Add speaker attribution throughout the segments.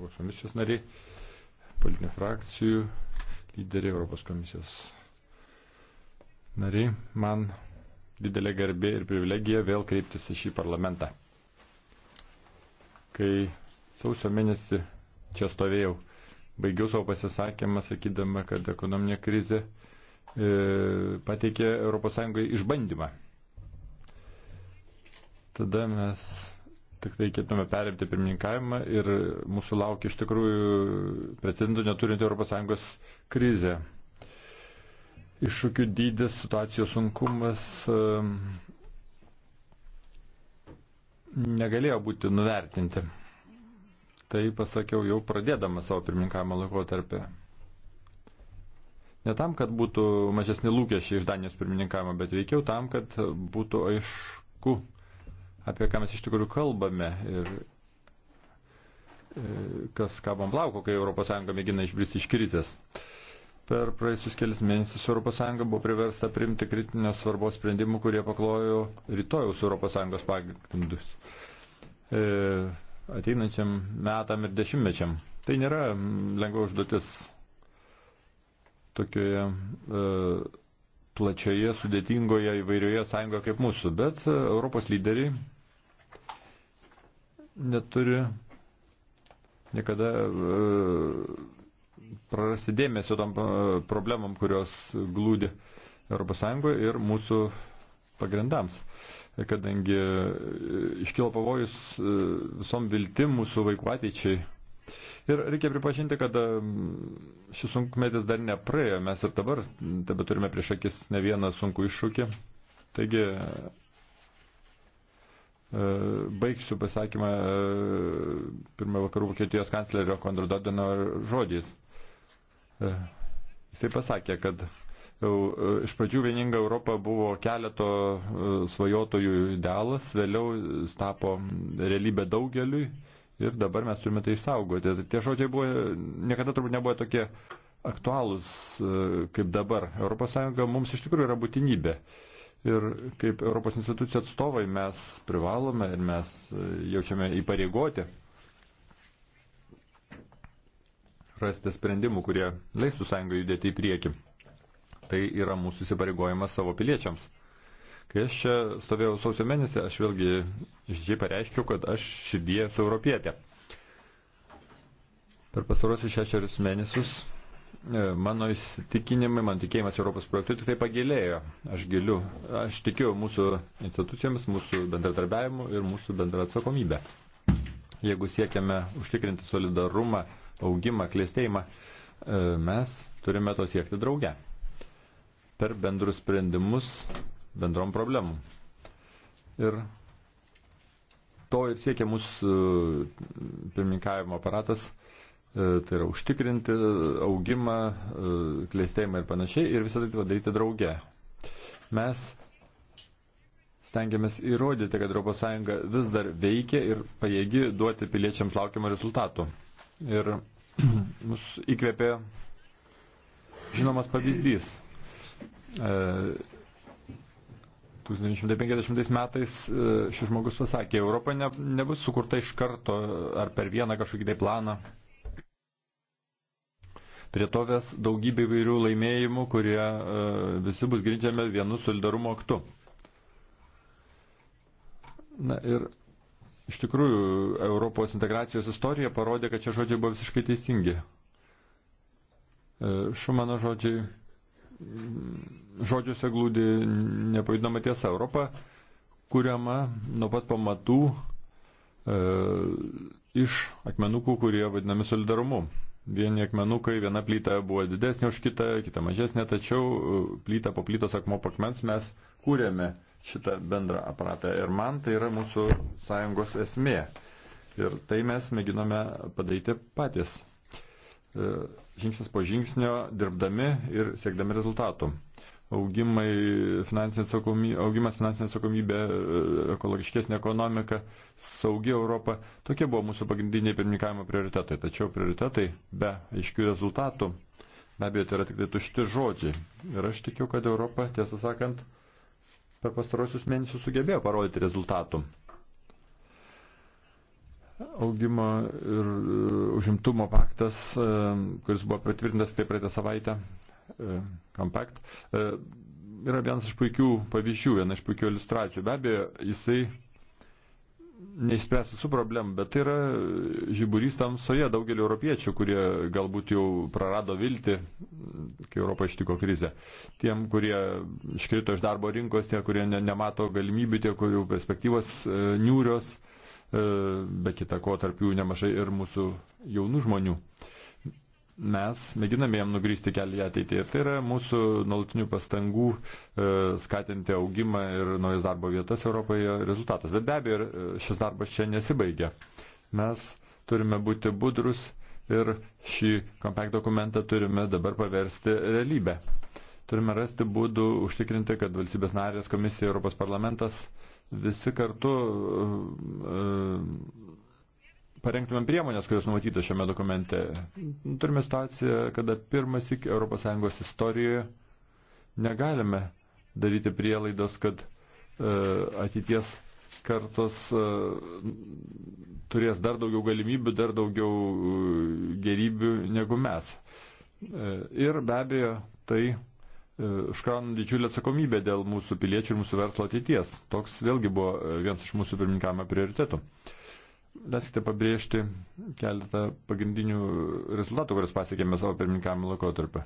Speaker 1: Europos komisijos nariai, politinių frakcijų lyderiai, Europos komisijos nariai, man didelė garbė ir privilegija vėl kreiptis į šį parlamentą. Kai sausio mėnesį čia stovėjau, baigiau savo pasisakymą sakydama, kad ekonominė krizė e, pateikė ES išbandymą. Tada mes tik tai ketiname perimti pirmininkavimą ir mūsų laukia iš tikrųjų precedentų neturinti ES krizė. Iššūkių dydis, situacijos sunkumas ehm, negalėjo būti nuvertinti. Tai pasakiau jau pradėdama savo pirmininkavimo laikotarpį. Ne tam, kad būtų mažesni lūkesčiai iš Danijos pirmininkavimo, bet veikiau tam, kad būtų aišku apie ką mes iš tikrųjų kalbame ir e, kas kabam plauko, kai ES mėgina išbristi iš krizės. Per praėjusius kelias mėnesius ES buvo priversta priimti kritinės svarbos sprendimų, kurie paklojo rytojaus ES pagrindus e, ateinančiam metam ir dešimtmečiam. Tai nėra lengva užduotis tokioje e, plačioje, sudėtingoje, įvairioje sąjungoje kaip mūsų, bet Europos lyderiai neturi niekada e, prarasti dėmesio tom e, problemam, kurios glūdi ES ir mūsų pagrindams. Kadangi e, iškilo pavojus visom viltim mūsų vaikų ateičiai. Ir reikia pripažinti, kad šis sunkmetis dar nepraėjo, mes ir dabar tebe turime prieš akis ne vieną sunkų iššūkį. Taigi E, baigsiu pasakymą e, pirmą vakarų Vokietijos kanclerio Konradodino žodžiais. E, jisai pasakė, kad jau iš pradžių vieninga Europa buvo keleto svajotojų idealas, vėliau tapo realybė daugeliui ir dabar mes turime tai išsaugoti. Tai tie žodžiai buvo, niekada turbūt nebuvo tokie aktualūs kaip dabar. ES mums iš tikrųjų yra būtinybė. Ir kaip Europos institucijų atstovai mes privalome ir mes e, jaučiame įpareigoti rasti sprendimų, kurie leistų sąjungą judėti į priekį. Tai yra mūsų įsipareigojimas savo piliečiams. Kai aš čia stovėjau sausio mėnesį, aš vėlgi išdžiai pareiškiau, kad aš širdies europietė. Per pasarosius šešerius mėnesius E, mano įsitikinimai, man tikėjimas Europos projektui tik tai pagilėjo. Aš giliu, aš tikiu mūsų institucijomis, mūsų bendradarbiavimu ir mūsų bendra atsakomybė. Jeigu siekiame užtikrinti solidarumą, augimą, klėstėjimą, e, mes turime to siekti drauge. Per bendrus sprendimus bendrom problemom. Ir to ir siekia mūsų e, pirmininkavimo aparatas E, tai yra užtikrinti augimą, e, klėstėjimą ir panašiai, ir visą tai padaryti drauge. Mes stengiamės įrodyti, kad ES vis dar veikia ir pajėgi duoti piliečiams laukiamą rezultatų. Ir mus įkvėpė žinomas pavyzdys. 1950 e, metais šis žmogus pasakė, Europa ne, nebus sukurta iš karto ar per vieną kažkokį tai planą prie to ves daugybė įvairių laimėjimų, kurie e, visi bus grindžiami vienu solidarumo aktu. Na ir iš tikrųjų Europos integracijos istorija parodė, kad čia žodžiai buvo visiškai teisingi. E, Šumano žodžiai, žodžiuose glūdi nepajudama tiesa. Europa kuriama nuo pat pamatų e, iš akmenukų, kurie vadinami solidarumu. Vieni akmenukai, viena plyta buvo didesnė už kitą, kita mažesnė, tačiau e, plyta po plytos akmo pakmens mes kūrėme šitą bendrą aparatą. Ir man tai yra mūsų sąjungos esmė. Ir tai mes mėginome padaryti patys. E, žingsnis po žingsnio dirbdami ir siekdami rezultatų augimai, finansinė atsakomybė, augimas finansinė atsakomybė, e, ekologiškesnė ekonomika, saugi Europa. Tokie buvo mūsų pagrindiniai pirmininkavimo prioritetai. Tačiau prioritetai be aiškių rezultatų, be abejo, tai yra tik tai tušti žodžiai. Ir aš tikiu, kad Europa, tiesą sakant, per pastarosius mėnesius sugebėjo parodyti rezultatų augimo ir e, užimtumo paktas, e, kuris buvo pritvirtintas taip praeitą savaitę, Compact e, e, yra vienas iš puikių pavyzdžių, viena iš puikių iliustracijų. Be abejo, jisai neišspręs visų problemų, bet tai yra žiburys tamsoje daugelio europiečių, kurie galbūt jau prarado viltį, kai Europą ištiko krizė. Tiem, kurie iškrito iš darbo rinkos, tie, kurie ne, nemato galimybių, tie, kurių perspektyvos e, niūrios, e, be kita ko tarp jų nemažai ir mūsų jaunų žmonių. E, mes mėginame jam nugrysti kelią į ateitį. Ir tai yra mūsų nuolatinių pastangų e, skatinti augimą ir naujas darbo vietas Europoje rezultatas. Bet be abejo, e, šis darbas čia nesibaigia. Mes turime būti budrus ir šį kompakt dokumentą turime dabar paversti realybę. Turime rasti būdų užtikrinti, kad valstybės narės komisija, Europos parlamentas visi kartu. Uh, uh, parengtumėm priemonės, kurios numatytos šiame dokumente. Turime situaciją, kada pirmas iki ES istorijoje negalime daryti prielaidos, kad e, ateities kartos e, turės dar daugiau galimybių, dar daugiau e, gerybių negu mes. Ir be abejo, tai užkrauna didžiulę atsakomybę dėl mūsų piliečių ir mūsų verslo ateities. Toks vėlgi buvo vienas iš mūsų pirmininkavimo prioritetų. Leiskite pabrėžti keletą pagrindinių rezultatų, kuriuos pasiekėme savo pirmininkavimo laikotarpio.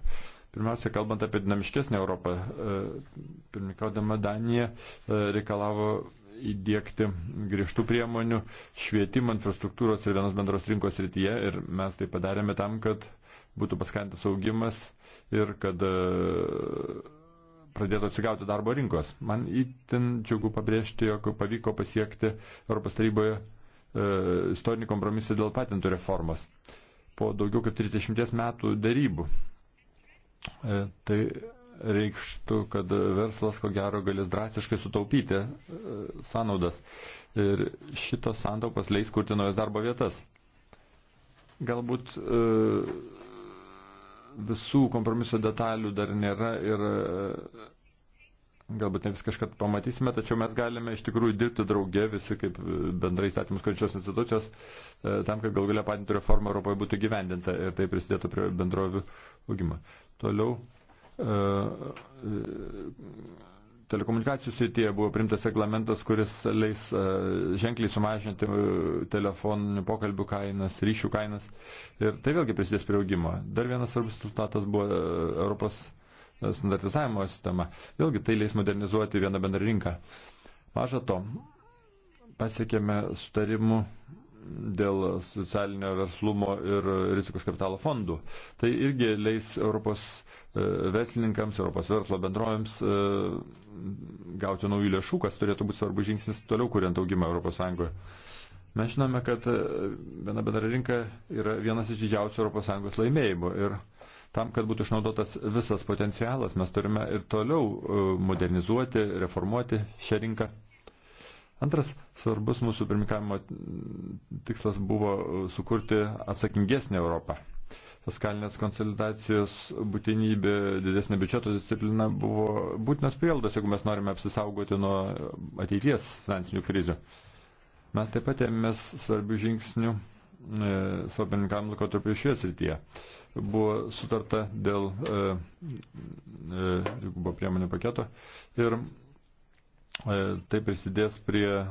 Speaker 1: Pirmiausia, kalbant apie dinamiškesnę Europą, e, pirmininkaudama Danija e, reikalavo įdėkti griežtų priemonių švietimo, infrastruktūros ir vienos bendros rinkos rytyje ir mes tai padarėme tam, kad būtų paskantas augimas ir kad e, pradėtų atsigauti darbo rinkos. Man įtin džiugu pabrėžti, jog pavyko pasiekti Europos taryboje E, istorinį kompromisą dėl patentų reformos po daugiau kaip 30 metų darybų. E, tai reikštų, kad verslas ko gero galės drastiškai sutaupyti e, sąnaudas ir šitos santaupas leis kurti naujas darbo vietas. Galbūt visų kompromiso detalių dar nėra ir Galbūt ne viską kažkart pamatysime, tačiau mes galime iš tikrųjų dirbti drauge visi kaip e, bendrai įstatymus kuriančios institucijos e, tam, kad gal galia patintų reforma Europoje būtų gyvendinta ir tai prisidėtų prie bendrovių augimo. Toliau. Uh, uh, telekomunikacijų srityje buvo primtas reglamentas, kuris leis ženkliai sumažinti telefoninių pokalbių kainas, ryšių kainas. Ir tai vėlgi prisidės prie augimo. Dar vienas svarbus rezultatas buvo Europos standartizavimo sistema. Vėlgi tai leis modernizuoti vieną bendrą rinką. Maža to, pasiekėme sutarimų dėl socialinio verslumo ir rizikos kapitalo fondų. Tai irgi leis Europos e, verslininkams, Europos verslo bendrovėms e, gauti naujų lėšų, kas turėtų būti svarbus žingsnis toliau kuriant augimą ES. Mes žinome, kad e, viena bendra rinka yra vienas iš didžiausių ES laimėjimų ir Tam, kad būtų išnaudotas visas potencialas, mes turime ir toliau e, modernizuoti, reformuoti šią rinką. Antras svarbus mūsų pirmikavimo tikslas buvo e, sukurti atsakingesnį Europą. Fiskalinės konsolidacijos būtinybė, didesnė biudžeto disciplina buvo būtinas prieldas, jeigu mes norime apsisaugoti nuo ateities finansinių krizių. Mes taip pat ėmėmės svarbių žingsnių e, savo pirmikavimo laikotarpiu šioje srityje. E, buvo sutarta dėl dvigubo e, e, priemonių paketo ir e, tai prisidės prie e,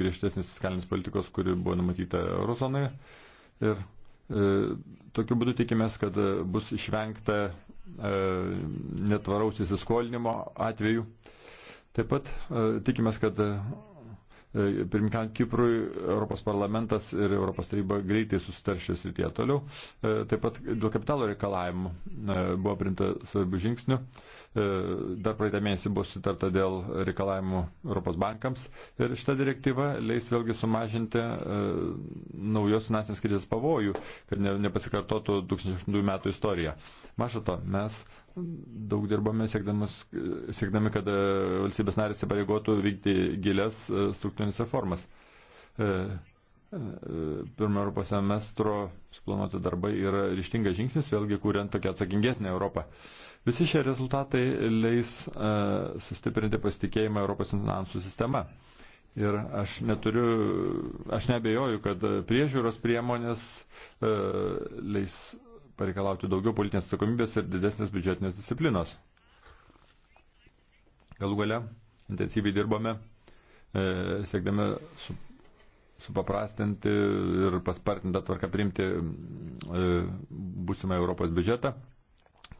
Speaker 1: griežtesnės fiskalinės politikos, kuri buvo numatyta eurozonoje. Ir e, tokiu būdu tikimės, kad e, bus išvengta e, netvaraus įsiskolinimo atveju. Taip pat e, tikimės, kad E, pirmininkant Kiprui Europos parlamentas ir Europos taryba greitai susitar šios rytyje toliau. E, taip pat dėl kapitalo reikalavimų e, buvo primta svarbių žingsnių. Dar praeitą mėnesį buvo sutarta dėl reikalavimų Europos bankams ir šita direktyva leis vėlgi sumažinti naujos finansinės krizės pavojų, kad nepasikartotų 2002 metų istorija. Maža to, mes daug dirbame siekdami, kad e, valstybės narės įpareigotų vykti gilias e, struktūrinės reformas. E, pirmo Europos semestro suplanuoti darbai yra ryštingas žingsnis, vėlgi kuriant tokią atsakingesnę Europą. Visi šie rezultatai leis sustiprinti pasitikėjimą Europos finansų sistema. Ir aš neturiu, aš nebejoju, kad priežiūros priemonės leis pareikalauti daugiau politinės atsakomybės ir didesnės biudžetinės disciplinos. Galų gale intensyviai dirbame, e, siekdami su, supaprastinti ir paspartintą tvarką priimti e, būsimą Europos biudžetą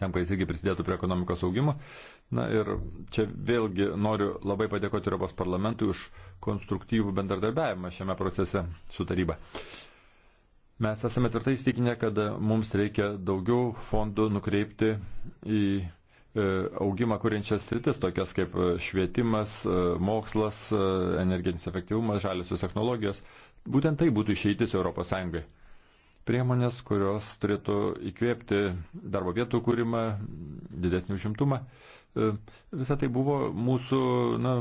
Speaker 1: tam, kad jis irgi prisidėtų prie ekonomikos augimo. Na ir čia vėlgi noriu labai padėkoti Europos parlamentui už konstruktyvų bendradarbiavimą šiame procese su taryba. E, Mes esame tvirtai įstikinę, kad mums reikia daugiau fondų nukreipti į e, augimą kuriančias sritis, tokias kaip e, švietimas, e, mokslas, energetinis efektyvumas, žaliosios technologijos. Būtent tai būtų išeitis ES. Priemonės, kurios turėtų įkvėpti darbo vietų kūrimą, didesnį užimtumą. Visą tai buvo mūsų na,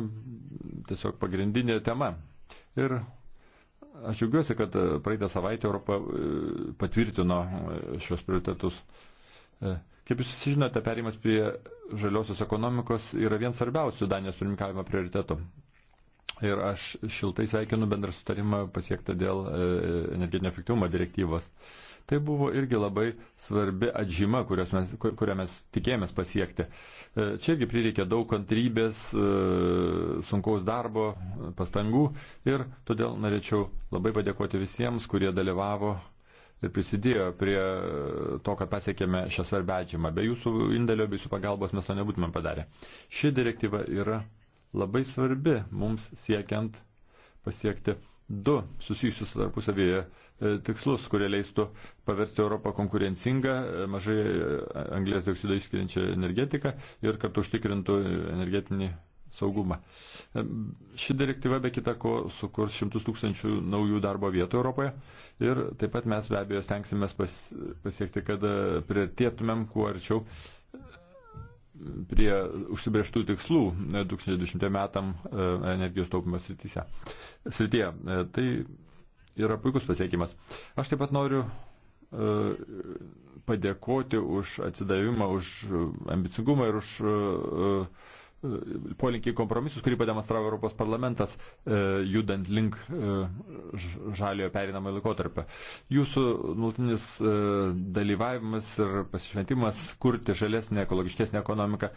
Speaker 1: tiesiog pagrindinė tema. Ir Aš džiaugiuosi, kad e, praeitą savaitę Europą e, patvirtino e, šios prioritetus. Kaip jūs žinote, perimas prie žaliosios ekonomikos yra vien svarbiausių Danijos pirmininkavimo prioritetų. Ir aš šiltai sveikinu bendrą sutarimą pasiektą dėl energetinio efektyvumo direktyvos. E, Tai buvo irgi labai svarbi atžyma, mes, kurią mes tikėjomės pasiekti. E, čia irgi prireikė daug kantrybės, e, sunkaus darbo, pastangų ir todėl norėčiau labai padėkoti visiems, kurie dalyvavo ir prisidėjo prie to, kad pasiekėme šią svarbę atžymą. Be jūsų indėlio, be jūsų pagalbos mes to nebūtume padarę. Ši direktyva yra labai svarbi mums siekiant pasiekti du susijusius tarpusavėje e, tikslus, kurie leistų paversti Europą konkurencingą, e, mažai e, anglės dioksido išskiriančią energetiką ir kartu užtikrintų energetinį saugumą. Ši direktyva be kita ko sukurs šimtus tūkstančių naujų darbo vietų Europoje ir taip pat mes be abejo stengsimės pas, pasiekti, kad priartėtumėm kuo arčiau prie užsibrieštų tikslų 2010 e, metam e, energijos taupimo srityse. srityje. E, tai yra puikus pasiekimas. Aš taip pat noriu padėkoti už atsidavimą, už ambicingumą ir už uh, polinkį kompromisus, kurį pademonstravo Europos parlamentas, e, judant link e, žaliojo perinamojo laikotarpio. Jūsų nultinis e, dalyvavimas ir pasišventimas kurti žalesnį, ekologiškesnį ekonomiką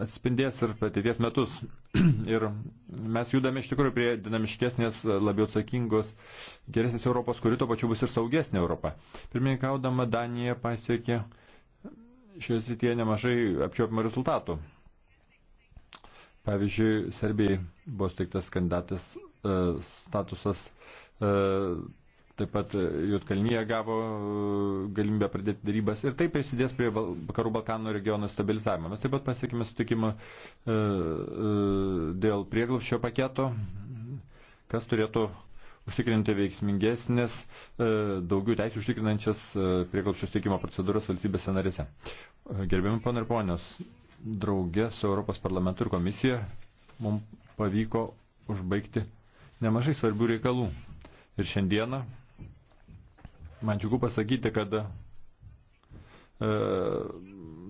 Speaker 1: atspindės ir ateities metus. ir mes judame iš tikrųjų prie dinamiškesnės, labiau atsakingos, geresnės Europos, kuri to pačiu bus ir saugesnė Europa. Pirmininkaudama Danija pasiekė šioje srityje nemažai apčiopimo rezultatų. Pavyzdžiui, Serbijai buvo steigtas kandidatės e, statusas, e, taip pat Jotkalnyje gavo e, galimybę pradėti darybas ir tai prisidės prie Vakarų Balkanų regiono stabilizavimo. Mes taip pat pasiekime sutikimą dėl prieglapščio paketo, kas turėtų užtikrinti veiksmingesnės, daugiau teisų užtikrinančias prieglapščio steikimo procedūras valstybėse narėse. Gerbiami pana ir ponios, draugė su Europos parlamentu ir komisija mums pavyko užbaigti nemažai svarbių reikalų. Ir šiandieną man džiugu pasakyti, kad e,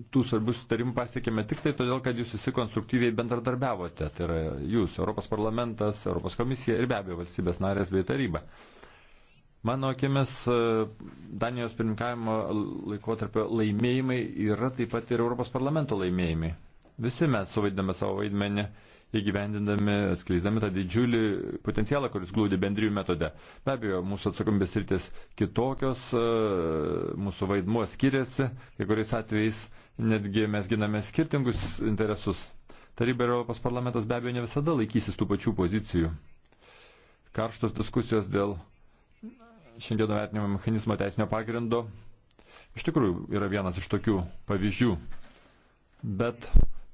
Speaker 1: tų svarbių sutarimų pasiekėme tik tai todėl, kad jūs visi konstruktyviai bendradarbiavote. Tai yra jūs, Europos parlamentas, Europos komisija ir be abejo valstybės narės bei taryba. E, Mano akimis, e, Danijos pirmininkavimo laikotarpio laimėjimai yra taip pat ir Europos parlamento laimėjimai. Visi mes suvaidiname savo vaidmenį, įgyvendindami, atskleisdami tą didžiulį potencialą, kuris glūdi bendrijų metode. Be abejo, mūsų atsakomybės rytis kitokios, e, mūsų vaidmuo skiriasi, kai kuriais atvejais netgi mes giname skirtingus interesus. Taryba ir Europos parlamentas be abejo ne visada laikysis tų pačių pozicijų. Karštos diskusijos dėl šiandieno vertinimo mechanizmo teisinio pagrindo iš tikrųjų yra vienas iš tokių pavyzdžių. Bet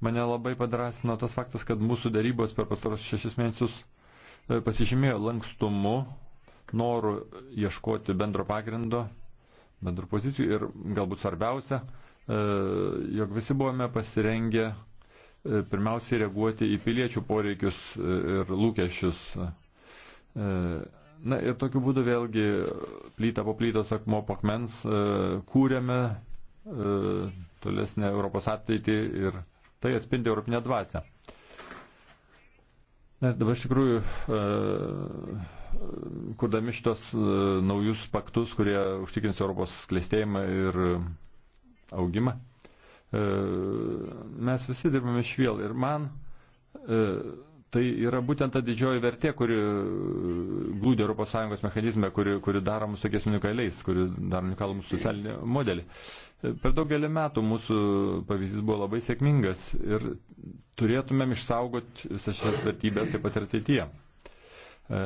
Speaker 1: mane labai padrasino tas faktas, kad mūsų darybos per pastaros šešis mėnesius e, pasižymėjo lankstumu, noru ieškoti bendro pagrindo, bendrų pozicijų ir galbūt svarbiausia, e, jog visi buvome pasirengę e, pirmiausiai reaguoti į piliečių poreikius ir lūkesčius Na ir tokiu būdu vėlgi plyta po plytos akmo pakmens e, kūrėme e, tolesnę Europos ateitį ir tai atspindi europinę dvasę. Na ir dabar iš tikrųjų, e, kurdami šitos naujus paktus, kurie užtikrins Europos klėstėjimą ir augimą, mes visi dirbame šviel ir man Tai yra būtent ta didžioji vertė, kuri e, glūdė ES mechanizme, kuri, kuri daro mūsų, sakės, unikaliais, kuri daro unikalų mūsų socialinį modelį. E, per daugelį metų mūsų pavyzdys buvo labai sėkmingas ir turėtumėm išsaugoti visas šias vertybės taip pat ir ateityje. E,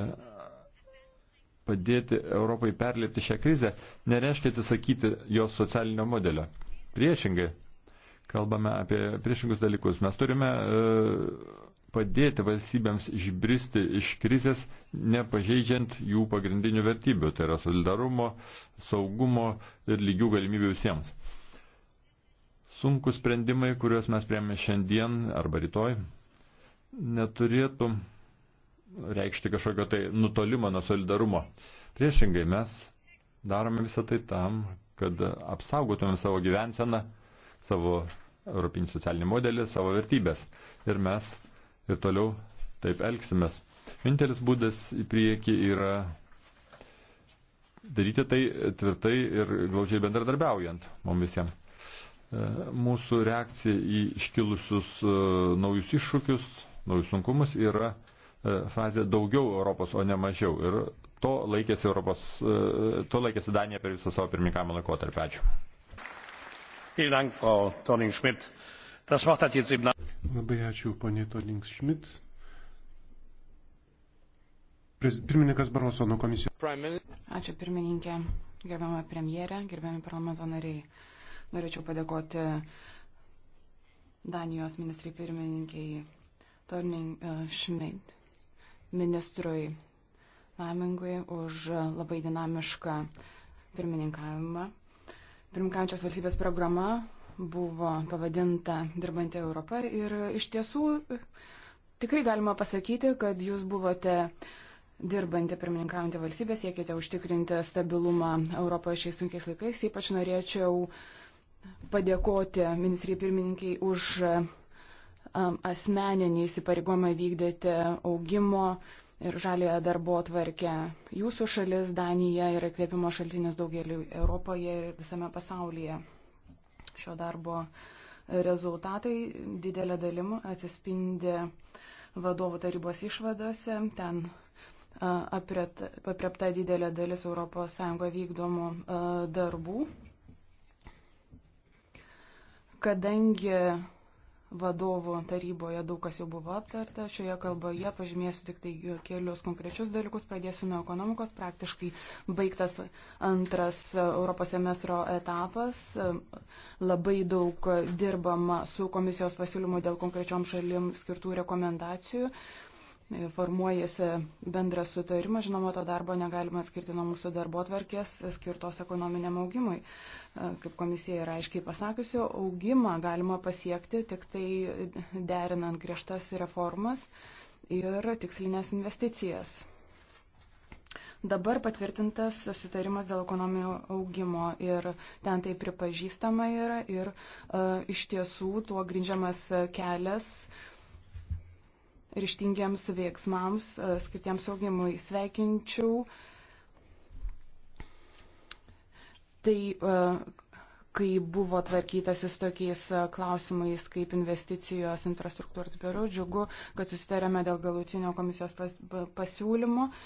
Speaker 1: padėti Europai perlipti šią krizę nereiškia atsisakyti jos socialinio modelio. Priešingai, kalbame apie priešingus dalykus. Mes turime uh, padėti valstybėms išbristi iš krizės, nepažeidžiant jų pagrindinių vertybių, tai yra solidarumo, saugumo ir lygių galimybių visiems. Sunkus sprendimai, kuriuos mes priemė šiandien arba rytoj, neturėtų reikšti kažkokio tai nutolimo nuo solidarumo. Priešingai mes darome visą tai tam, kad apsaugotumėm savo gyvenseną, savo europinį socialinį modelį, savo vertybės. Ir mes ir toliau taip elgsimės. Vienintelis būdas į priekį yra daryti tai tvirtai ir glaudžiai bendradarbiaujant mums visiems. E, mūsų reakcija į iškilusius e, naujus iššūkius, naujus sunkumus yra e, fazė daugiau Europos, o ne mažiau. Ir to laikėsi, Europos, to laikėsi Danija per visą savo pirmininkavimo laikotarpį. Ačiū. Vielen Dank, Frau Tonning-Schmidt.
Speaker 2: Das Wort hat jetzt eben.
Speaker 3: Labai ačiū, ponė Todings Šmit. Pirmininkas Baroso nuo
Speaker 4: komisijos. Ačiū, pirmininkė. Gerbiama premjerė, gerbiami parlamento nariai. Norėčiau padėkoti Danijos ministrai pirmininkiai Torning e, Šmit, ministrui Lamingui už labai dinamišką pirmininkavimą. Pirmininkančios valstybės programa buvo pavadinta Dirbantį Europą. Ir iš tiesų tikrai galima pasakyti, kad jūs buvote dirbantį pirmininkaujantį valstybę, siekite užtikrinti stabilumą Europoje šiais sunkiais laikais. Ypač norėčiau padėkoti ministrai pirmininkiai už um, asmeninį įsipareigomą vykdyti augimo ir žalėje darbo atvarkę. Jūsų šalis, Danija, yra kvėpimo šaltinis daugeliu Europoje ir visame pasaulyje. Šio darbo rezultatai didelė dalim atsispindi vadovų tarybos išvadose. Ten apriepta didelė dalis ES vykdomų darbų. Kadangi vadovų taryboje daug kas jau buvo aptarta. Šioje kalboje pažymėsiu tik tai kelius konkrečius dalykus. Pradėsiu nuo ekonomikos. Praktiškai baigtas antras Europos semestro etapas. Labai daug dirbama su komisijos pasiūlymu dėl konkrečiom šalim skirtų rekomendacijų formuojasi bendras sutarimas, žinoma, to darbo negalima atskirti nuo mūsų darbo tvarkės skirtos ekonominiam augimui. E, kaip komisija yra aiškiai pasakiusi, augimą galima pasiekti tik tai derinant griežtas reformas ir tikslinės investicijas. Dabar patvirtintas susitarimas dėl ekonominio augimo ir ten tai pripažįstama yra ir uh, iš tiesų tuo grindžiamas kelias uh, ryštingiems veiksmams, e, skirtiems augimui. Sveikinčiau tai, e, kai buvo tvarkytasi su tokiais e, klausimais kaip investicijos infrastruktūros biurų, džiugu, kad susitarėme dėl galutinio komisijos pasiūlymo. Pas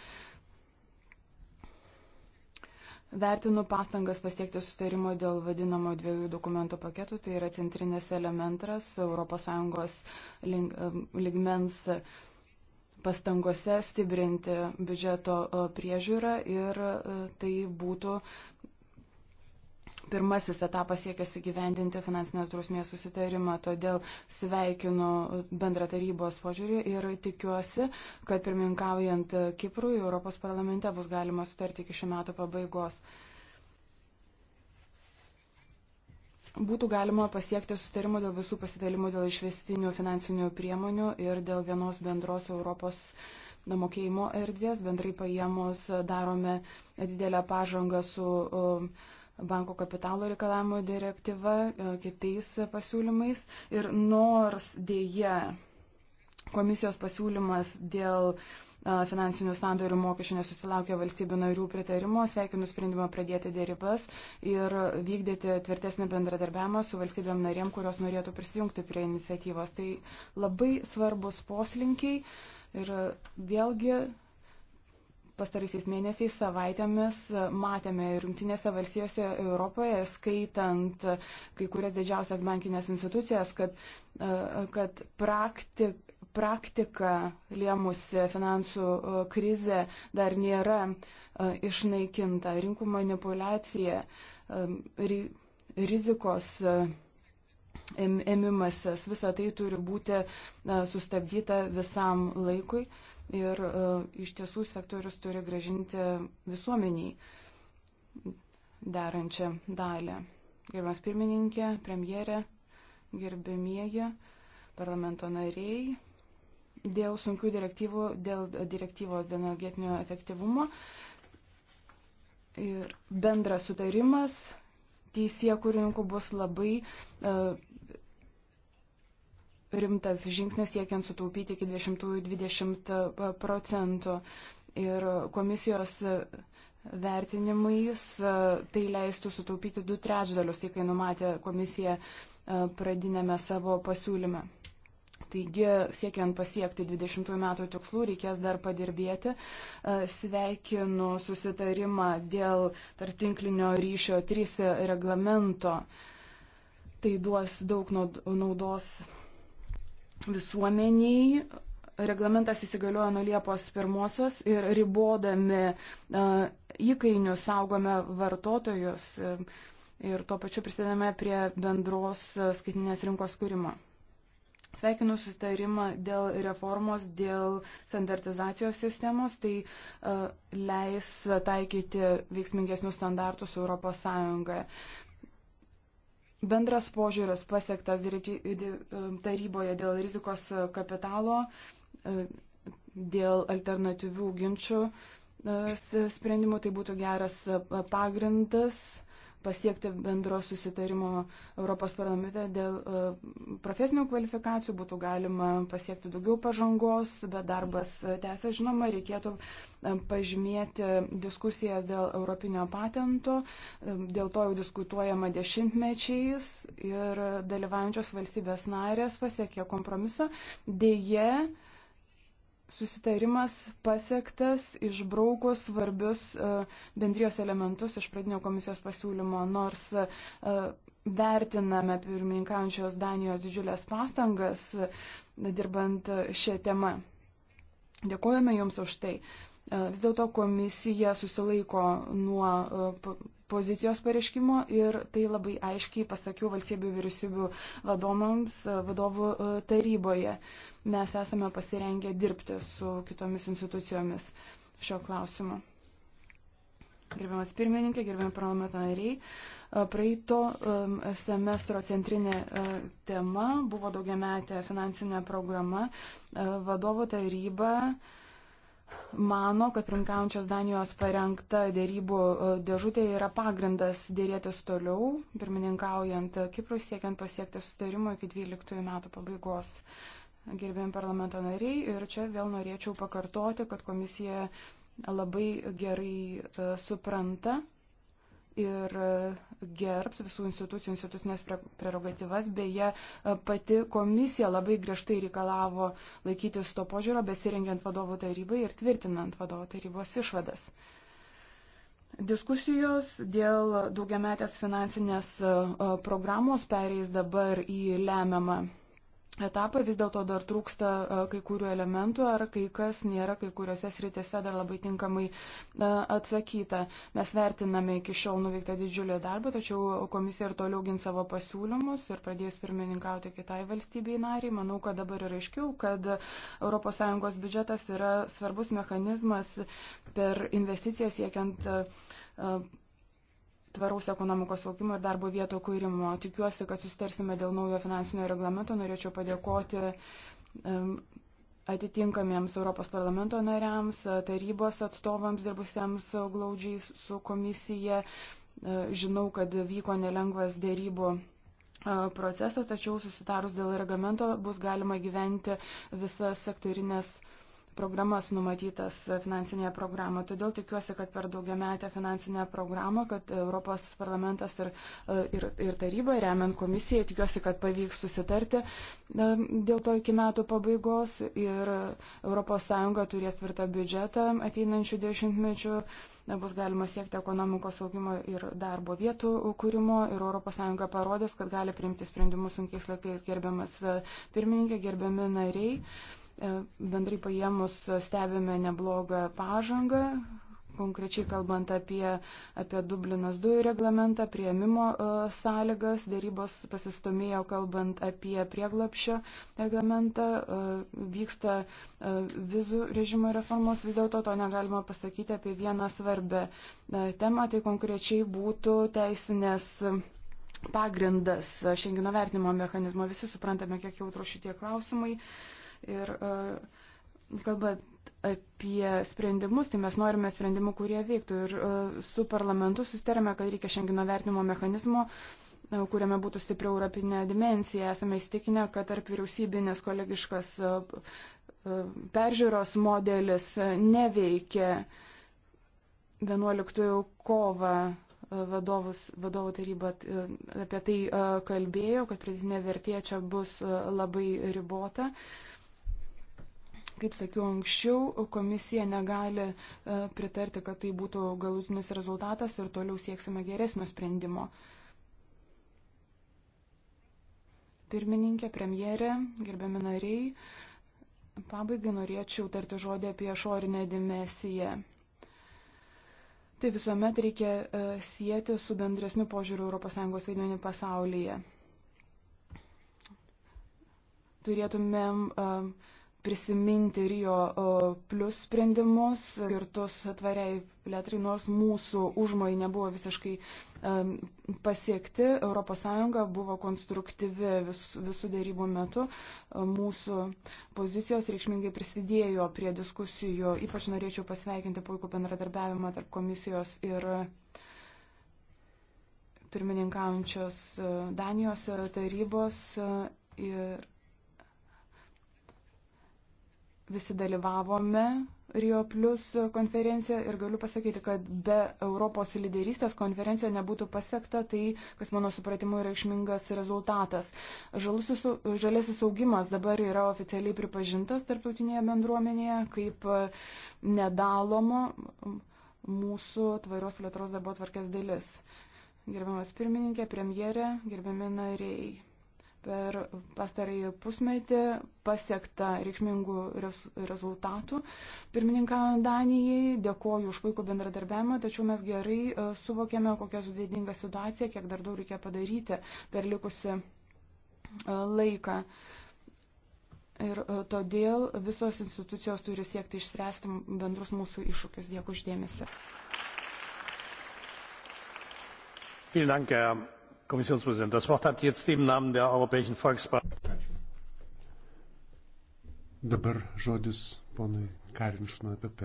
Speaker 4: Vertinu pastangas pasiekti sutarimo dėl vadinamo dviejų dokumentų paketų, tai yra centrinis elementas ES e, ligmens pastangose stiprinti biudžeto e, priežiūrą ir e, tai būtų pirmasis etapas siekęs įgyvendinti finansinės drausmės susitarimą, todėl sveikinu bendrą tarybos požiūrį ir tikiuosi, kad pirmininkaujant Kiprui Europos parlamente bus galima sutarti iki šių metų pabaigos. Būtų galima pasiekti sutarimo dėl visų pasidalimų dėl išvestinių finansinių priemonių ir dėl vienos bendros Europos mokėjimo erdvės. Bendrai paėmus darome didelę pažangą su uh, banko kapitalo reikalavimo direktyva, e, kitais pasiūlymais. Ir nors dėje komisijos pasiūlymas dėl e, finansinių sandorių mokesčių nesusilaukė valstybių narių pritarimo, sveikinu sprendimą pradėti dėrybas ir vykdyti tvirtesnį bendradarbiavimą su valstybėm narėm, kurios norėtų prisijungti prie iniciatyvos. Tai labai svarbus poslinkiai ir vėlgi pastarysiais mėnesiais, savaitėmis matėme ir Junktinėse valstijose Europoje, skaitant kai kurias didžiausias bankinės institucijas, kad, e, kad praktik, praktika lėmusi finansų e, krizė dar nėra e, išnaikinta. Rinkų manipulacija, rizikos ėmimasis, visa tai turi būti sustabdyta visam laikui ir e, iš tiesų sektorius turi gražinti visuomeniai derančią dalę. Gerbiamas pirmininkė, premjerė, gerbėmieji, parlamento nariai. Dėl sunkių direktyvų, dėl direktyvos dėl energetinio efektyvumo ir bendras sutarimas teisėkurininkų bus labai uh, rimtas žingsnis siekiant sutaupyti iki 20-20 procentų. Ir komisijos vertinimais e, tai leistų sutaupyti du trečdalius, tai kai numatė komisija e, pradinėme savo pasiūlyme. Taigi, siekiant pasiekti 20 metų tikslų, reikės dar padirbėti. E, sveikinu susitarimą dėl tarptinklinio ryšio 3 reglamento. Tai duos daug naudos visuomeniai reglamentas įsigaliojo nuo Liepos 1 ir ribodami įkainius saugome vartotojus ir tuo pačiu prisidedame prie bendros skaitinės rinkos kūrimo. Sveikinu sustarimą dėl reformos, dėl standartizacijos sistemos, tai uh, leis taikyti veiksmingesnius standartus ES bendras požiūris pasiektas taryboje dėl rizikos kapitalo, e, dėl alternatyvių ginčių e, sprendimų, tai būtų geras e, pagrindas pasiekti bendro susitarimo Europos parlamente dėl e, profesinių kvalifikacijų, būtų galima pasiekti daugiau pažangos, bet darbas e, tęsia, žinoma, reikėtų e, pažymėti diskusijas dėl europinio patento, dėl to jau diskutuojama dešimtmečiais ir dalyvaujančios valstybės narės pasiekė kompromiso. Deja, susitarimas pasiektas išbraukus svarbius e, bendrijos elementus iš pradinio komisijos pasiūlymo, nors e, vertiname pirmininkaujančios Danijos didžiulės pastangas e, dirbant šią temą. Dėkojame Jums už tai. Vis dėlto komisija susilaiko nuo pozicijos pareiškimo ir tai labai aiškiai pasakiau valstybių vyriausybių vadovams e, vadovų e, taryboje. Mes esame pasirengę dirbti su kitomis institucijomis šio klausimu. Gerbiamas pirmininkė, gerbiami parlamento nariai, e, praeito semestro centrinė tema buvo daugiametė finansinė programa, vadovo taryba mano, kad pirmkaujančios Danijos parengta dėrybų e, dėžutė yra pagrindas dėrėtis toliau, pirmininkaujant Kiprui siekiant pasiekti sutarimo iki 12 metų pabaigos. Gerbėjim parlamento nariai ir čia vėl norėčiau pakartoti, kad komisija labai gerai e, supranta ir e, gerbs visų institucijų institucinės prerogatyvas. Beje, e, pati komisija labai griežtai reikalavo laikytis to požiūrio, besirengiant vadovų tarybai ir tvirtinant vadovų tarybos išvadas. Diskusijos dėl daugiametės finansinės e, programos pereis dabar į lemiamą etapą, vis dėlto dar trūksta e, kai kurių elementų ar kai kas nėra kai kuriuose sritise dar labai tinkamai e, atsakyta. Mes vertiname iki šiol nuveiktą didžiulį darbą, tačiau komisija ir toliau gins savo pasiūlymus ir pradės pirmininkauti kitai valstybei nariai. Manau, kad dabar yra aiškiau, kad ES biudžetas yra svarbus mechanizmas per investicijas siekiant e, tvaraus ekonomikos augimo ir darbo vietų kūrimo. Tikiuosi, kad sustarsime dėl naujo finansinio reglamento. Norėčiau padėkoti atitinkamiems Europos parlamento nariams, tarybos atstovams dirbusiems glaudžiai su komisija. E, žinau, kad vyko nelengvas dėrybų e, procesas, tačiau susitarus dėl reglamento bus galima gyventi visas sektorinės programas numatytas finansinėje programoje. Todėl tikiuosi, kad per daugiametę finansinę programą, kad Europos parlamentas ir, e, ir, ir taryba, remiant komisiją, tikiuosi, kad pavyks susitarti e, dėl to iki metų pabaigos ir ES turės tvirtą biudžetą ateinančių dešimtmečių bus galima siekti ekonomikos augimo ir darbo vietų kūrimo ir ES parodės, kad gali priimti sprendimus sunkiais laikais gerbiamas e, pirmininkė, gerbiami nariai. E, bendrai paėmus stebime neblogą pažangą, konkrečiai kalbant apie, apie Dublinas 2 reglamentą, prieimimo e, sąlygas, dėrybos pasistumėjo kalbant apie prieglapšio reglamentą, e, vyksta vizų režimo reformos, vis dėlto to negalima pasakyti apie vieną svarbę temą, tai konkrečiai būtų teisinės pagrindas Šengino vertinimo mechanizmo. Visi suprantame, kiek jautru šitie klausimai. Uh, Ir e, kalbant apie sprendimus, tai mes norime sprendimų, kurie veiktų. Ir e, su parlamentu susitarėme, kad reikia šengino vertinimo mechanizmo e, kuriame būtų stipriau europinė dimensija. Esame įstikinę, kad tarp vyriausybinės kolegiškas peržiūros modelis neveikia 11 kovą vadovus, vadovų taryba apie tai kalbėjo, kad pridėtinė vertė čia bus labai ribota. Kaip sakiau anksčiau, komisija negali e, pritarti, kad tai būtų galutinis rezultatas ir toliau sieksime geresnio sprendimo. Pirmininkė, premjerė, gerbiami nariai, pabaigai norėčiau tarti žodį apie išorinę dimensiją. Tai visuomet reikia e, sieti su bendresniu požiūriu ES vaidmenį pasaulyje. Turėtumėm uh, prisiminti Rio plus sprendimus ir tos tvariai plėtrai, nors mūsų užmojai nebuvo visiškai um, pasiekti, ES buvo konstruktyvi vis, visų dėrybų metu, mūsų pozicijos reikšmingai prisidėjo prie diskusijų, ypač norėčiau pasveikinti puikų bendradarbiavimą tarp komisijos ir pirmininkaujančios e, Danijos e, tarybos e, ir visi dalyvavome Rio Plus konferencijoje ir galiu pasakyti, kad be Europos lyderystės konferencijoje nebūtų pasiekta tai, kas mano supratimu yra reikšmingas rezultatas. Žalusis, žalėsis augimas dabar yra oficialiai pripažintas tarptautinėje bendruomenėje kaip nedalomo mūsų tvarios plėtros darbo tvarkės dalis. Gerbiamas pirmininkė, premjerė, gerbiami nariai per pastarąjį pusmetį pasiekta reikšmingų rezultatų. Pirmininką Danijai dėkoju už puikų bendradarbiavimą, tačiau mes gerai e, suvokėme, kokia sudėdinga situacija, kiek dar daug reikia padaryti per likusi e, laiką. Ir e, todėl visos institucijos turi siekti išspręsti bendrus mūsų iššūkius. Dėkui uždėmesi.
Speaker 2: Vielen Dank, Herr kommissionspräsident! das wort hat jetzt im namen der europäischen volkspartei
Speaker 3: dabar žodis ponui karinš nuo epp.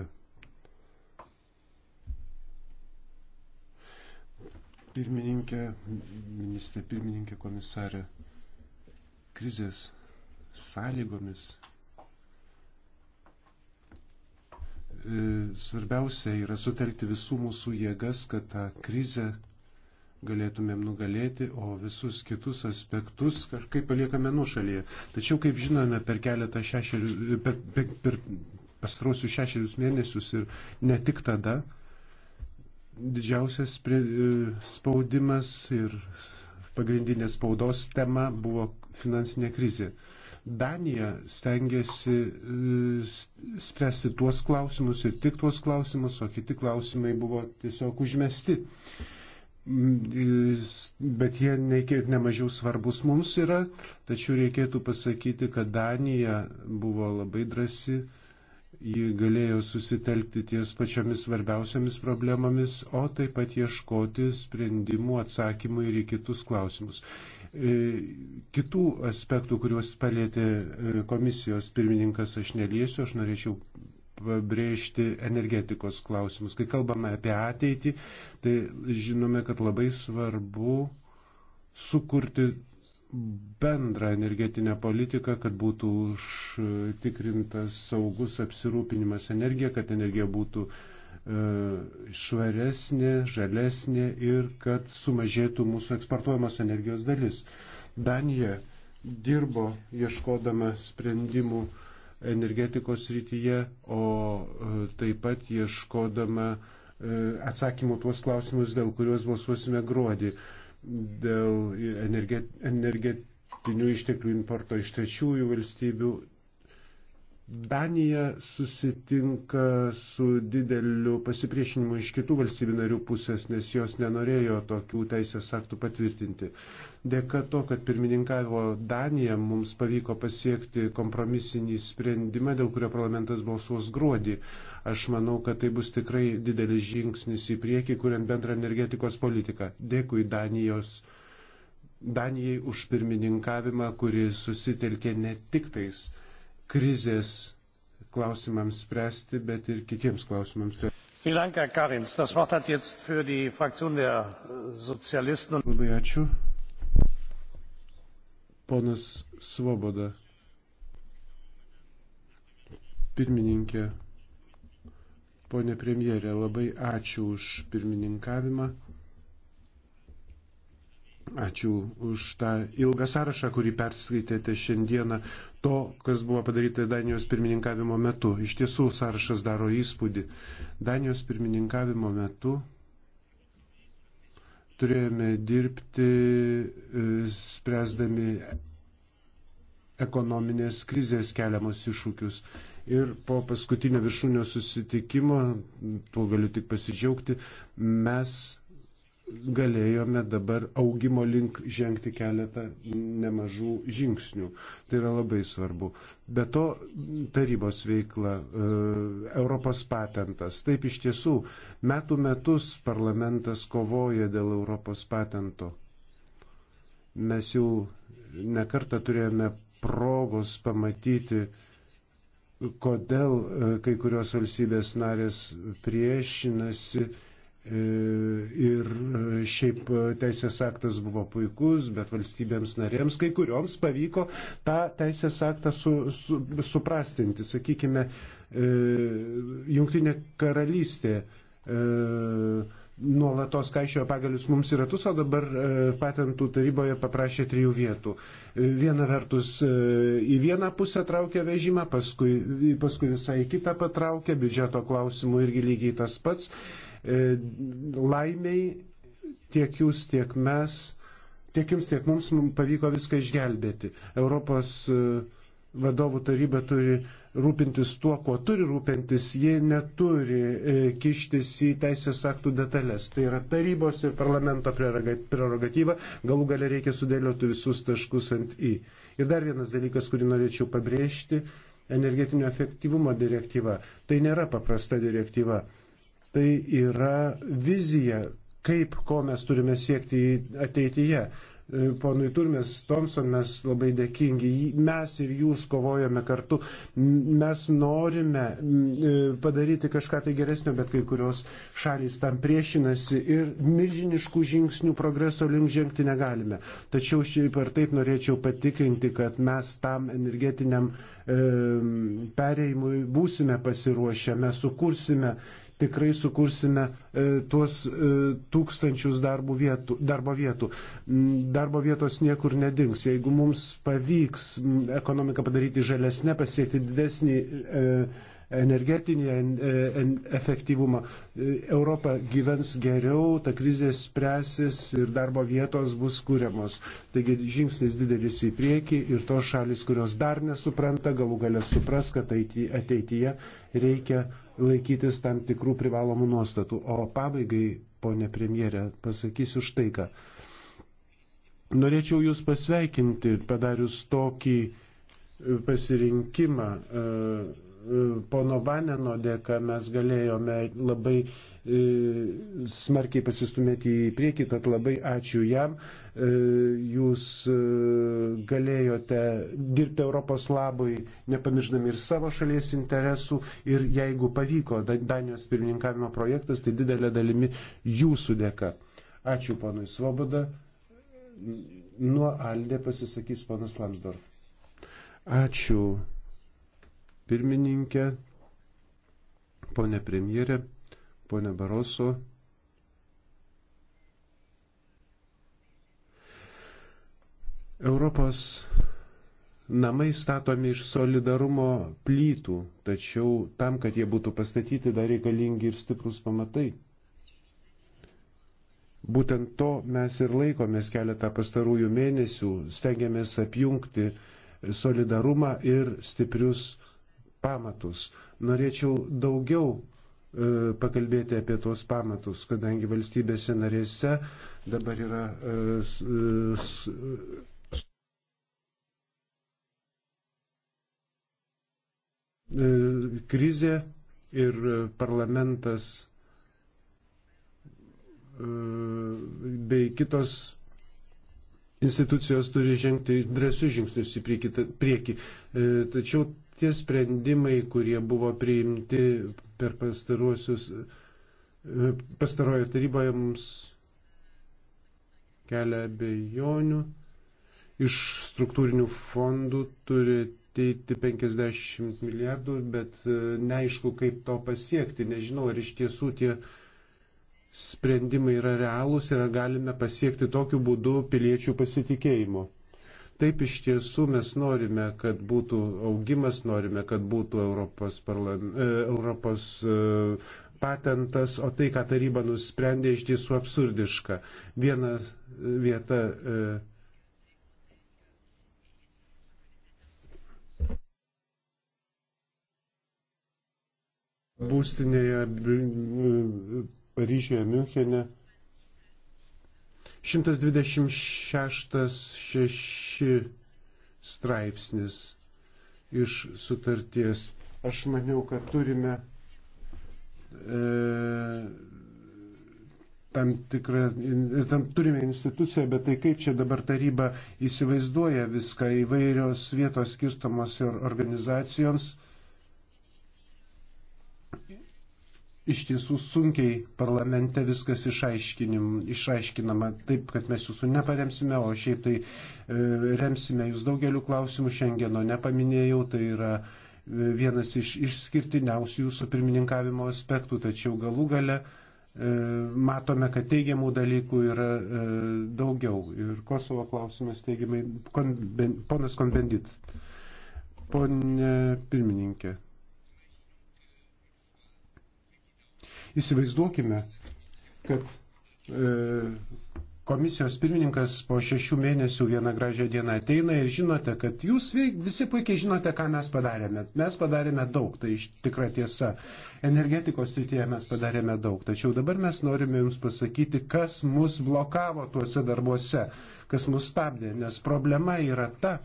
Speaker 3: Pirmininkė, ministrė pirmininkė, komisarė, krizės sąlygomis e, svarbiausia yra sutelkti visų mūsų jėgas, kad tą krizę galėtumėm nugalėti, o visus kitus aspektus kažkaip paliekame nuošalyje. Tačiau, kaip žinome, per keletą šešerių, per, per, per pastarosius šešerius mėnesius ir ne tik tada, didžiausias e, spaudimas ir pagrindinė spaudos tema buvo finansinė krizė. Danija stengiasi e, spręsti tuos klausimus ir tik tuos klausimus, o kiti klausimai buvo tiesiog užmesti bet jie nekiek nemažiau svarbus mums yra, tačiau reikėtų pasakyti, kad Danija buvo labai drasi, ji galėjo susitelkti ties pačiomis svarbiausiamis problemomis, o taip pat ieškoti sprendimų atsakymų ir į kitus klausimus. E, kitų aspektų, kuriuos palėtė e, komisijos pirmininkas, aš neliesiu, aš norėčiau pabrėžti energetikos klausimus. Kai kalbame apie ateitį, tai žinome, kad labai svarbu sukurti bendrą energetinę politiką, kad būtų užtikrintas saugus apsirūpinimas energija, kad energija būtų e, švaresnė, žalesnė ir kad sumažėtų mūsų eksportuojamos energijos dalis. Danija dirbo ieškodama sprendimų uh, energetikos rytyje, o e, taip pat ieškodama e, atsakymų tuos klausimus, dėl kuriuos balsuosime gruodį, dėl energetinių išteklių importo iš trečiųjų valstybių Danija susitinka su dideliu pasipriešinimu iš kitų valstybių narių pusės, nes jos nenorėjo tokių teisės aktų patvirtinti. Dėka to, kad pirmininkavo Danija, mums pavyko pasiekti kompromisinį sprendimą, dėl kurio parlamentas balsuos gruodį. Aš manau, kad tai bus tikrai didelis žingsnis į priekį, kuriant bendrą energetikos politiką. Dėkui Danijos. Danijai už pirmininkavimą, kuris susitelkė ne tik tais krizės klausimams spręsti, bet ir kitiems klausimams. Labai ačiū. Ponas Svoboda, pirmininkė, ponė premjerė, labai ačiū už pirmininkavimą. Ačiū už tą ilgą sąrašą, kurį perskaitėte šiandieną, to, kas buvo padaryta Danijos pirmininkavimo metu. Iš tiesų sąrašas daro įspūdį. Danijos pirmininkavimo metu turėjome dirbti e, spręsdami ekonominės krizės keliamus iššūkius. Ir po paskutinio viršūnio susitikimo, tuo galiu tik pasidžiaugti, mes galėjome dabar augimo link žengti keletą nemažų žingsnių. Tai yra labai svarbu. Be to, tarybos veikla, e, Europos patentas. Taip iš tiesų, metų metus parlamentas kovoja dėl Europos patento. Mes jau nekartą turėjome progos pamatyti, kodėl e, kai kurios valstybės narės priešinasi E, ir e, šiaip teisės aktas buvo puikus, bet valstybėms narėms, kai kurioms pavyko tą teisės aktą su, su, suprastinti. Sakykime, e, Junktinė karalystė nuolatos kaišiojo pagalius mums į ratus, o dabar patentų taryboje paprašė trijų vietų. Viena vertus į vieną pusę traukė vežimą, paskui, paskui visai kitą patraukė, biudžeto klausimų irgi lygiai tas pats. E, laimiai tiek jūs, tiek mes, tiek jums, tiek mums pavyko viską išgelbėti. Europos e, vadovų taryba turi rūpintis tuo, kuo turi rūpintis, jie neturi e, kištis į teisės aktų detalės. Tai yra tarybos ir parlamento prerogatyva, galų gale reikia sudėlioti visus taškus ant į. Ir dar vienas dalykas, kurį norėčiau pabrėžti - energetinio efektyvumo direktyva. Tai nėra paprasta direktyva. Tai yra vizija, kaip ko mes turime siekti ateityje. E, ponui Turmės Tomson mes labai dėkingi. Mes ir jūs kovojame kartu. Mes norime e, padaryti kažką tai geresnio, bet kai kurios šalys tam priešinasi ir milžiniškų žingsnių progreso link žengti negalime. Tačiau šiaip ar taip norėčiau patikrinti, kad mes tam energetiniam e, perėjimui būsime pasiruošę, mes sukursime tikrai sukursime e, tuos e, tūkstančius darbo vietų. Darbo, vietų. Mm, darbo vietos niekur nedings. Jeigu mums pavyks ekonomiką padaryti žalesnę, pasiekti didesnį e, energetinį efektyvumą. Europa gyvens geriau, ta krizė spręsis ir darbo vietos bus kūriamos. Taigi žingsnis didelis į priekį ir tos šalis, kurios dar nesupranta, galų galę supras, kad ateityje reikia laikytis tam tikrų privalomų nuostatų. O pabaigai, ponė premjerė, pasakysiu štai ką. Norėčiau Jūs pasveikinti, padarius tokį pasirinkimą. E, pono Baneno dėka mes galėjome labai e, smarkiai pasistumėti į priekį, tad labai ačiū jam. E, jūs e, galėjote dirbti Europos labui, nepamirždami ir savo šalies interesų. Ir jeigu pavyko Danijos pirmininkavimo projektas, tai didelė dalimi jūsų dėka. Ačiū ponui Svoboda. Nuo Aldė pasisakys ponas Lamsdorf. Ačiū pirmininkė, ponė premjerė, ponė Baroso. Europos namai statomi iš solidarumo plytų, tačiau tam, kad jie būtų pastatyti, dar reikalingi ir stiprus pamatai. Būtent to mes ir laikomės keletą pastarųjų mėnesių, stengiamės apjungti solidarumą ir stiprius pamatus. Norėčiau daugiau e, pakalbėti apie tuos pamatus, kadangi valstybėse narėse dabar yra e, e, krizė ir parlamentas bei kitos institucijos turi žengti drąsius žingsnius į priekį. Tačiau tie sprendimai, kurie buvo priimti per pastaruosius, e, pastarojo taryboje mums kelia bejonių. Iš struktūrinių fondų turi ateiti 50 milijardų, bet e, neaišku, kaip to pasiekti. Nežinau, ar iš tiesų tie sprendimai yra realūs ir ar galime pasiekti tokiu būdu piliečių pasitikėjimo. Taip iš tiesų mes norime, kad būtų augimas, norime, kad būtų Europos, parlam, e, Europos e, patentas, o tai, ką taryba nusprendė, iš tiesų absurdiška. Viena vieta. E, būstinėje Paryžiuje, Münchenė. 126.6 straipsnis iš sutarties. Aš maniau, kad turime e, tam tikrą, tam turime instituciją, bet tai kaip čia dabar taryba įsivaizduoja viską įvairios vietos skirstomos ir organizacijoms iš tiesų sunkiai parlamente viskas išaiškinama taip, kad mes jūsų neparemsime, o šiaip tai e, remsime jūs daugeliu klausimų. Šengeno nepaminėjau, tai yra e, vienas iš išskirtiniausių jūsų pirmininkavimo aspektų, tačiau galų gale e, matome, kad teigiamų dalykų yra e, daugiau. Ir Kosovo klausimas teigiamai, konben, ponas Konbendit, ponė pirmininkė. Įsivaizduokime, kad e, komisijos pirmininkas po šešių mėnesių vieną gražią dieną ateina ir žinote, kad jūs visi puikiai žinote, ką mes padarėme. Mes padarėme daug, tai iš tikra tiesa. Energetikos srityje mes padarėme daug, tačiau dabar mes norime jums pasakyti, kas mus blokavo tuose darbuose, kas mus stabdė, nes problema yra ta,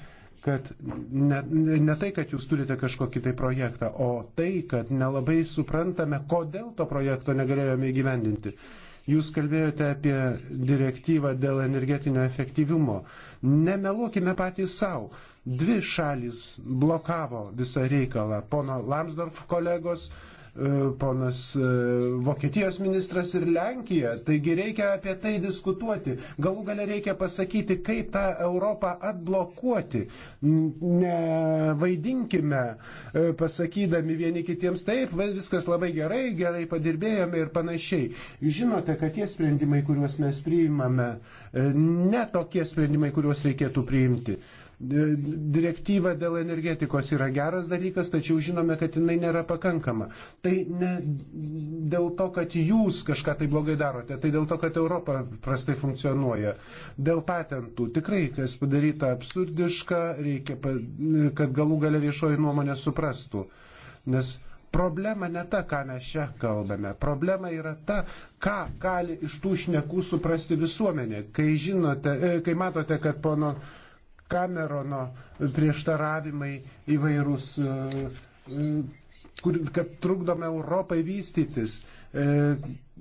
Speaker 3: kad ne, ne tai, kad jūs turite kažkokį tai projektą, o tai, kad nelabai suprantame, kodėl to projekto negalėjome įgyvendinti. Jūs kalbėjote apie direktyvą dėl energetinio efektyvumo. Nemeluokime patys savo. Dvi šalis blokavo visą reikalą. Pono Lamsdorf kolegos, uh, E, ponas e, Vokietijos ministras ir Lenkija. Taigi reikia apie tai diskutuoti. Galų gale reikia pasakyti, kaip tą Europą atblokuoti. Nevaidinkime e, pasakydami vieni kitiems taip, viskas labai gerai, gerai padirbėjome ir panašiai. Žinote, kad tie sprendimai, kuriuos mes priimame, ne tokie sprendimai, kuriuos reikėtų priimti. Direktyva dėl energetikos yra geras dalykas, tačiau žinome, kad jinai nėra pakankama. Tai ne dėl to, kad jūs kažką tai blogai darote, tai dėl to, kad Europa prastai funkcionuoja. Dėl patentų tikrai, kas padaryta absurdiška, reikia, kad galų gale viešoji nuomonė suprastų. Nes problema ne ta, ką mes čia kalbame. Problema yra ta, ką gali iš tų šnekų suprasti visuomenė. Kai, žinote, e, kai matote, kad pono Kamerono prieštaravimai įvairūs, e, e, kur, kad trukdome Europai vystytis e,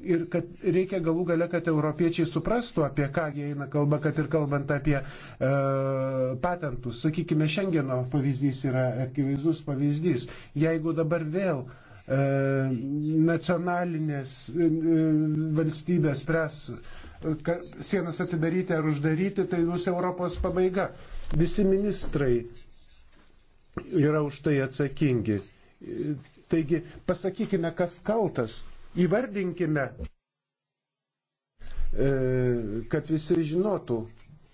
Speaker 3: ir kad reikia galų gale, kad europiečiai suprastų, apie ką jie eina kalba, kad ir kalbant apie e, patentus. Sakykime, Šengeno pavyzdys yra akivaizdus pavyzdys. Jeigu dabar vėl e, nacionalinės e, valstybės pres sienas atidaryti ar uždaryti, tai bus Europos pabaiga. E, Visi ministrai yra už tai atsakingi. Taigi pasakykime, kas kaltas, įvardinkime, e, kad visi žinotų,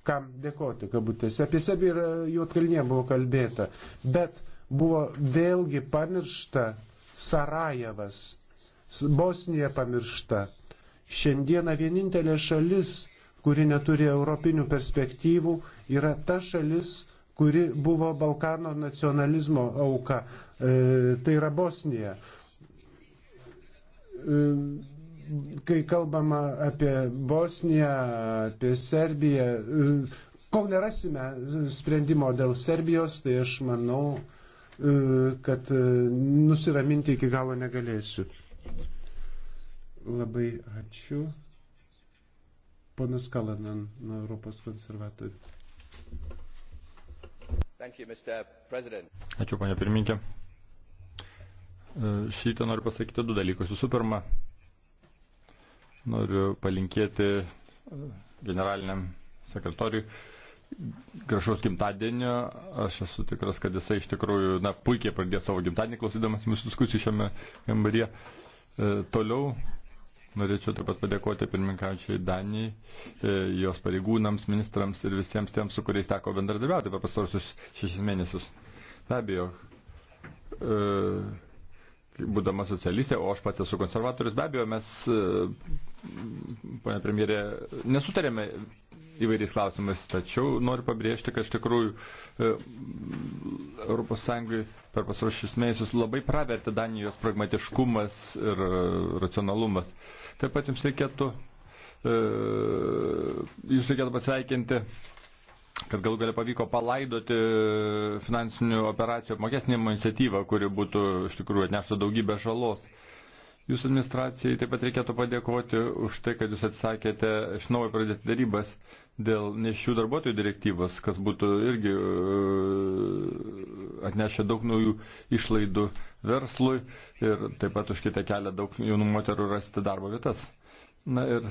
Speaker 3: kam dėkoti, kabutėse. Apie sebį ir juotkalnie buvo kalbėta, bet buvo vėlgi pamiršta Sarajevas, Bosnija pamiršta. Šiandieną vienintelė šalis, kuri neturi europinių perspektyvų, yra ta šalis, kuri buvo Balkano nacionalizmo auka. E, tai yra Bosnija. E, kai kalbama apie Bosniją, apie Serbiją, e, kol nerasime sprendimo dėl Serbijos, tai aš manau, e, kad e, nusiraminti iki galo negalėsiu. Labai ačiū. Ponas Kalanan, Europos konservatorių.
Speaker 1: Ačiū, ponia pirmininkė. E, šitą noriu pasakyti du dalykus. Visų pirma, noriu palinkėti e, generaliniam sekretoriui gražaus gimtadienio. Aš esu tikras, kad jisai iš tikrųjų na, puikiai pradėjo savo gimtadienį klausydamas mūsų diskusijų šiame kambaryje. E, toliau Norėčiau taip pat padėkoti pirmininkaičiai Danijai, e, jos pareigūnams, ministrams ir visiems tiems, su kuriais teko bendradarbiauti per pastarusius šešis mėnesius. Be abejo, e, būdama socialistė, o aš pats esu konservatorius, be abejo, mes, e, ponė premjerė, nesutarėme įvairiais klausimais, tačiau noriu pabrėžti, kad iš tikrųjų ES per pasrašius mėnesius labai pravertė Danijos pragmatiškumas ir racionalumas. Taip pat jums reikėtų, e, jūs reikėtų pasveikinti kad galų galia pavyko palaidoti finansinių operacijų apmokestinimo iniciatyvą, kuri būtų iš tikrųjų atnešta daugybę žalos. Jūsų administracijai taip pat reikėtų padėkoti už tai, kad jūs atsakėte iš naujo pradėti darybas dėl nešių darbuotojų direktyvos, kas būtų irgi e, atnešę daug naujų išlaidų verslui ir taip pat užkite kelią daug jaunų moterų rasti darbo vietas. Na ir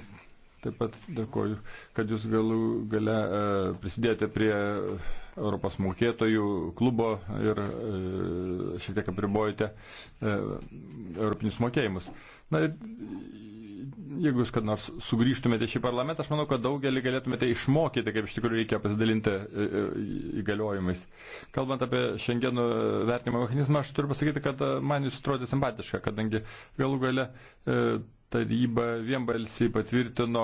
Speaker 1: Taip pat dėkoju, kad jūs galų gale e, prisidėjote prie e, Europos mokėtojų klubo ir e, šiek tiek apribojate europinius mokėjimus. Na ir jeigu jūs kad nors sugrįžtumėte šį parlamentą, aš manau, kad daugelį galėtumėte išmokyti, kaip iš tikrųjų reikia pasidalinti įgaliojimais. Kalbant apie šiandienų vertinimo mechanizmą, aš turiu pasakyti, kad man jūs atrodė simpatiška, kadangi galų gale. E, taryba vienbalsiai patvirtino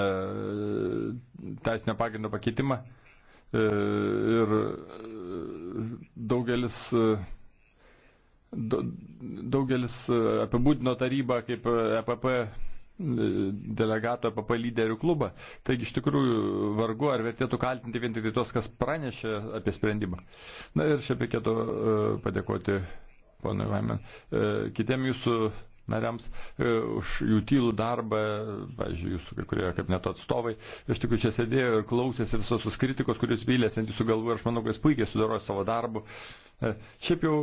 Speaker 1: e, teisinio pagrindo pakeitimą e, ir daugelis, e, da, daugelis apibūdino tarybą kaip EPP e, delegato EPP lyderių klubą. Taigi iš tikrųjų vargu ar vertėtų kaltinti vien tik tos, tai kas pranešė apie sprendimą. Na ir šiaip reikėtų e, padėkoti ponui Vaimen, kitiem jūsų nariams e, už jų tylų darbą, pavyzdžiui, jūsų kai kurie kaip net atstovai. Iš tikrųjų čia sėdėjo ir klausėsi visos tos kritikos, kuris vylėsi ant jūsų galvų ir aš manau, kad jis puikiai sudaro savo darbą. E, šiaip jau,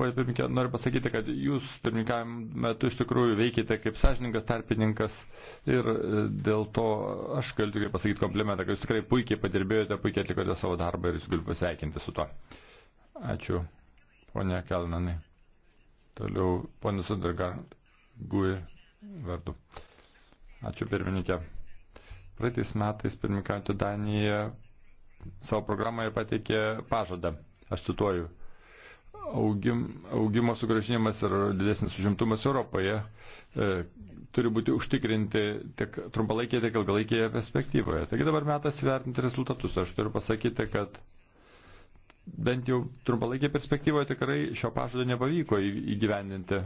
Speaker 1: pirmininkė, noriu pasakyti, kad jūs pirmininkavim metu iš tikrųjų veikite kaip sąžininkas tarpininkas ir e, dėl to aš galiu tikrai pasakyti komplimentą, kad jūs tikrai puikiai padirbėjote, puikiai atlikote savo darbą ir jūs galiu pasveikinti su to. Ačiū, ponė Kelnanai. Toliau, ponė Sundargar, Gui vardu. Ačiū pirmininkė. Praeitais metais pirmininkantį Daniją savo programoje pateikė pažadą. Aš cituoju. Augim, augimo sugražinimas ir didesnis užimtumas Europoje e, turi būti užtikrinti tiek trumpalaikėje, tiek ilgalaikėje perspektyvoje. Taigi dabar metas vertinti rezultatus. Aš turiu pasakyti, kad bent jau trumpalaikė perspektyvoje tikrai šio pažado nepavyko įgyvendinti.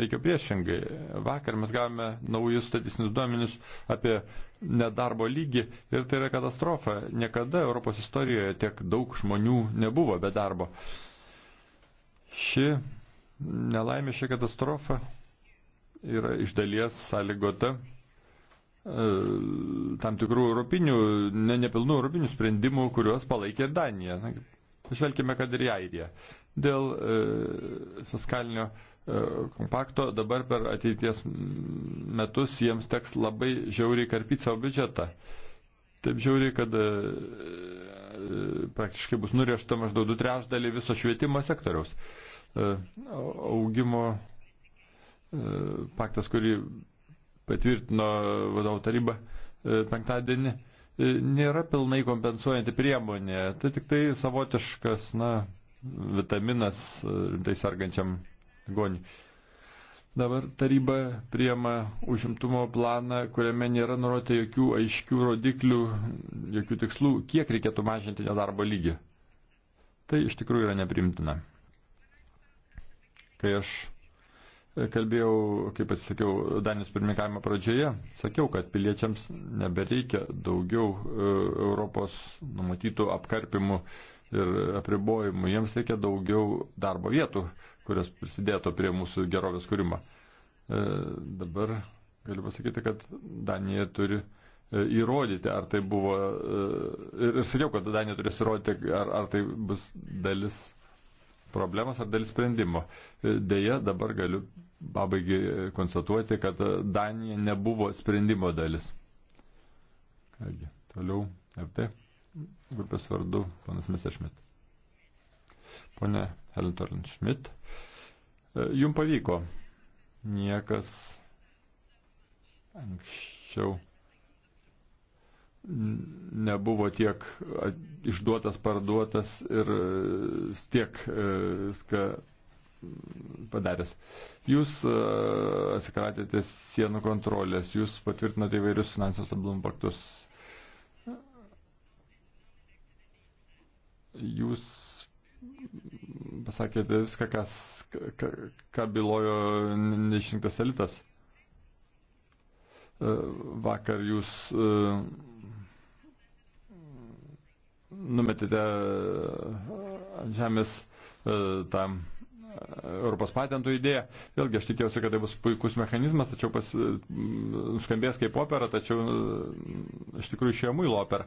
Speaker 1: Veikia priešingai. Vakar mes gavome naujus statistinius duomenis apie nedarbo lygį ir tai yra katastrofa. Niekada Europos istorijoje tiek daug žmonių nebuvo be darbo. Ši nelaimė, ši katastrofa yra iš dalies sąlygota e, tam tikrų europinių, ne, nepilnų europinių sprendimų, kuriuos palaikė Danija. Na, Pažvelkime, kad ir į Airiją. Dėl e, fiskalinio e, kompakto, dabar per ateities metus jiems teks labai žiauriai karpyti savo biudžetą. Taip žiauriai, kad e, e, praktiškai bus nuriešta maždaug du trešdalį viso švietimo sektoriaus. Augimo paktas, kurį patvirtino vadovų taryba penktadienį, E, nėra pilnai kompensuojanti priemonė. Tai tik tai savotiškas, na, vitaminas e, rimtai sergančiam ligoniui. Dabar taryba priema užimtumo planą, kuriame nėra nurodyta jokių aiškių rodiklių, jokių tikslų, kiek reikėtų mažinti nedarbo lygį. Tai iš tikrųjų yra neprimtina. Kai aš kalbėjau, kaip pasisakiau, Danijos pirmininkavimo pradžioje, sakiau, kad piliečiams nebereikia daugiau e, Europos numatytų apkarpimų ir apribojimų, jiems reikia daugiau darbo vietų, kurios prisidėtų prie mūsų gerovės kūrimo. E, dabar galiu pasakyti, kad Danija turi e, įrodyti, ar tai buvo, ir sakiau, kad Danija turės įrodyti, ar, ar tai bus dalis problemos ar dalis sprendimo. Deja, dabar galiu pabaigai konstatuoti, kad Danija nebuvo sprendimo dalis. Kągi, toliau FT grupės vardu panas Mesešmit. Pone Helentorn Schmidt, jum pavyko. Niekas anksčiau nebuvo tiek išduotas, parduotas ir e, tiek e, viską padaręs. Jūs e, atsikratėte sienų kontrolės, jūs patvirtinote įvairius finansinius stabilumo paktus. Jūs pasakėte viską, kas, ką, ką bylojo neišrinktas elitas. Vakar jūs uh, atmetėte ant e, žemės e, tą Europos patentų idėja. Vėlgi aš tikiuosi, kad tai bus puikus mechanizmas, tačiau pas, e, skambės kaip opera, tačiau iš tikrųjų išėjo muilo opera.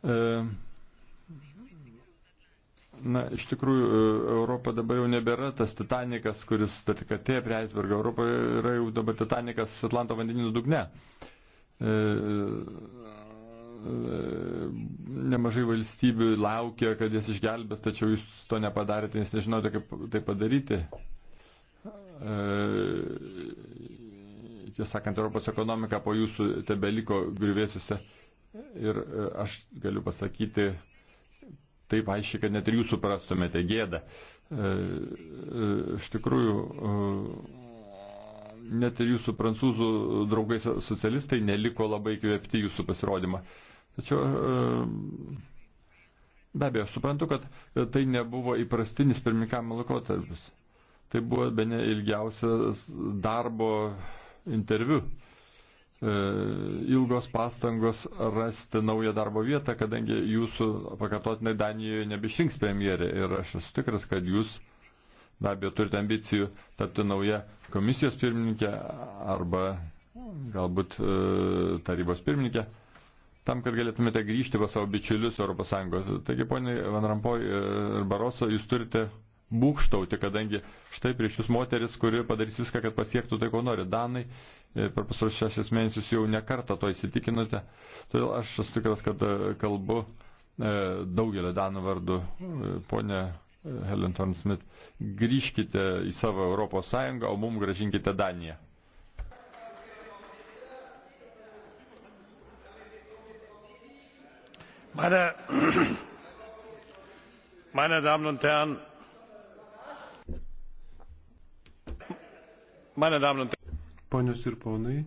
Speaker 1: E, na, iš tikrųjų, Europa dabar jau nebėra tas Titanikas, kuris atėjo prie Eisbergo. Europa yra jau dabar Titanikas Atlanto vandeninų dugne. E, E, nemažai valstybių laukia, kad jas išgelbės, tačiau jūs to nepadarėte, nes nežinote, kaip tai padaryti. E, tiesą sakant, Europos ekonomika po jūsų tebeliko grįvėsiuose. Ir e, aš galiu pasakyti taip aiškiai, kad net ir jūs suprastumėte gėdą. Iš tikrųjų, net ir jūsų prancūzų draugai socialistai neliko labai kvepti jūsų pasirodymą. Tačiau e, be abejo, suprantu, kad tai nebuvo įprastinis pirmininkavimo laikotarpis. Tai buvo be ne ilgiausias darbo interviu. E, ilgos pastangos rasti naują darbo vietą, kadangi jūsų pakartotinai Danijoje nebešrinks premjerė. Ir aš esu tikras, kad jūs be abejo turite ambicijų tapti naują komisijos pirmininkę arba galbūt e, tarybos pirmininkę tam, kad galėtumėte grįžti pas savo bičiulius ES. Taigi, poniai Van Rampoj ir e, Baroso, jūs turite būkštauti, kadangi štai prieš jūs moteris, kuri padarys viską, kad pasiektų tai, ko nori. Danai e, per pasarus šešias mėnesius jau nekartą to įsitikinote. Todėl aš esu tikras, kad e, kalbu daugelio Danų vardu. Pone Helen Thorne Smith, grįžkite į savo Europos Sąjungą, o mum gražinkite Daniją.
Speaker 2: Meine, meine Damen und Herren, meine Damen und Herren,
Speaker 3: Ponios ir ponai.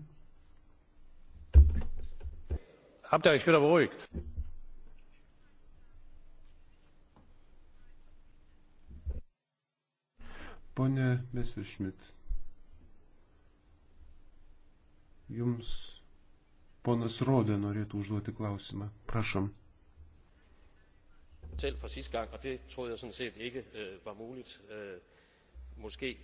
Speaker 2: Habt ihr euch wieder beruhigt?
Speaker 3: Pone Messerschmidt, jums ponas Rodė norėtų užduoti klausimą. Prašom
Speaker 2: selv fra sidste gang og det troede jeg sådan set ikke øh, var muligt. Øh, måske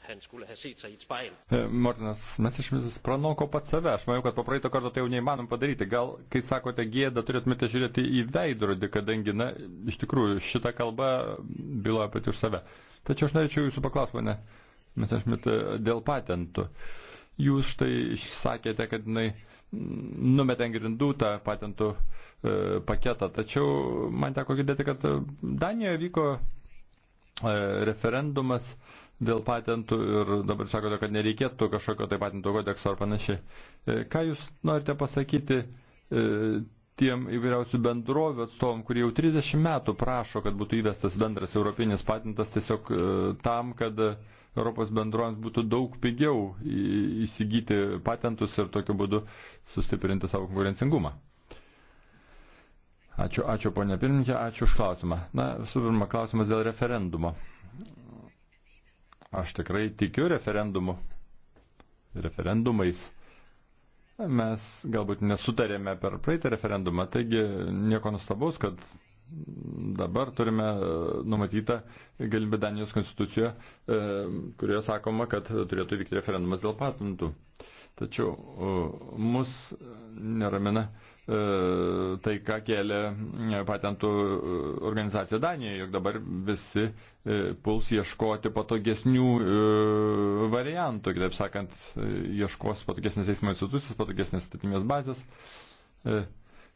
Speaker 2: han
Speaker 3: skulle have set sig i et spejl.
Speaker 1: Martinas Messerschmittas pranoko pats save. Aš manau, kad po praeito karto tai jau neįmanom padaryti. Gal, kai sakote gėdą, turėtumėte žiūrėti į veidrodį, kadangi, na, iš tikrųjų, šita kalba byloja pati už save. Tačiau aš norėčiau jūsų paklausti, mane, Messerschmitt, dėl patentų. Uh, Jūs štai sakėte, kad jinai numetė ant grindų tą patentų e, paketą, tačiau man teko girdėti, kad Danijoje vyko e, referendumas dėl patentų ir dabar sakote, kad nereikėtų kažkokio tai patentų kodekso ar panašiai. E, ką Jūs norite pasakyti tiem įvairiausių bendrovių atstovom, kurie jau 30 metų prašo, kad būtų įvestas bendras europinis patentas tiesiog tam, kad uh, Europos bendrovėms būtų daug pigiau įsigyti patentus ir tokiu būdu sustiprinti savo konkurencingumą. Ačiū, ačiū ponia pirmininkė, ačiū už klausimą. Na, visų pirma, klausimas dėl referendumo. Aš tikrai tikiu referendumu. Referendumais. Mes galbūt nesutarėme per praeitą referendumą, taigi nieko nustabaus, kad dabar turime e, numatytą galimybę Danijos konstitucijoje, e, kurioje sakoma, kad turėtų vykti referendumas dėl patentų. Tačiau e, mus neramina tai, ką kėlė patentų organizacija Danijoje, jog dabar visi puls ieškoti patogesnių variantų, kitaip sakant, ieškos patogesnės eismo institucijos, patogesnės statinės bazės.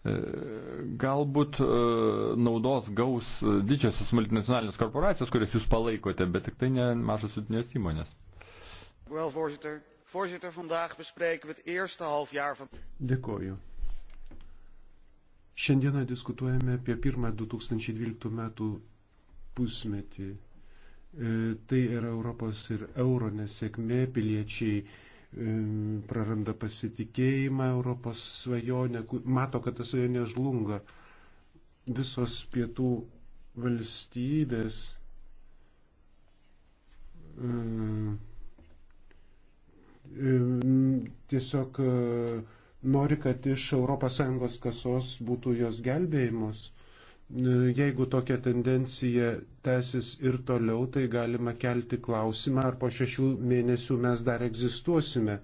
Speaker 1: Galbūt e, naudos gaus didžiosios multinacionalinės korporacijos, kurias jūs palaikote, bet tik tai ne mažos vidinės įmonės.
Speaker 3: Well, voorzitter. Voorzitter, vandaag bespreken we het eerste halfjaar van. Dėkoju. Šiandieną diskutuojame apie pirmą 2012 metų pusmetį. E, tai yra Europos ir euro nesėkmė, piliečiai E, praranda pasitikėjimą Europos svajonę, mato, kad ta svajonė žlunga. Visos pietų valstybės e, e, tiesiog nori, kad iš ES kasos būtų jos gelbėjimos. Jeigu tokia tendencija tęsis ir toliau, tai galima kelti klausimą, ar po šešių mėnesių mes dar egzistuosime.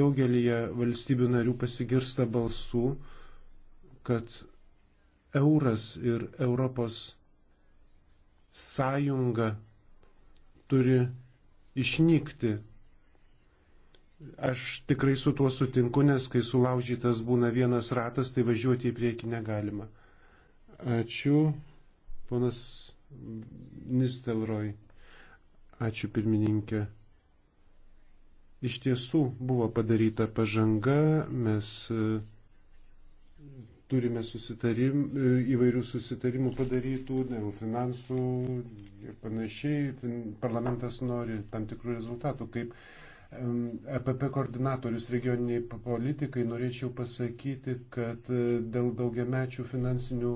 Speaker 3: Daugelį valstybių narių pasigirsta balsų, kad euras ir Europos sąjunga turi išnykti. Aš tikrai su tuo sutinku, nes kai sulaužytas būna vienas ratas, tai važiuoti į priekį negalima. Ačiū, ponas Nistelroj. Ačiū, pirmininkė. Iš tiesų buvo padaryta pažanga, mes e, turime susitarim, e, įvairių susitarimų padarytų dėl finansų ir panašiai. Parlamentas nori tam tikrų rezultatų, kaip EPP e koordinatorius regioniniai politikai, norėčiau pasakyti, kad dėl daugiamečių finansinių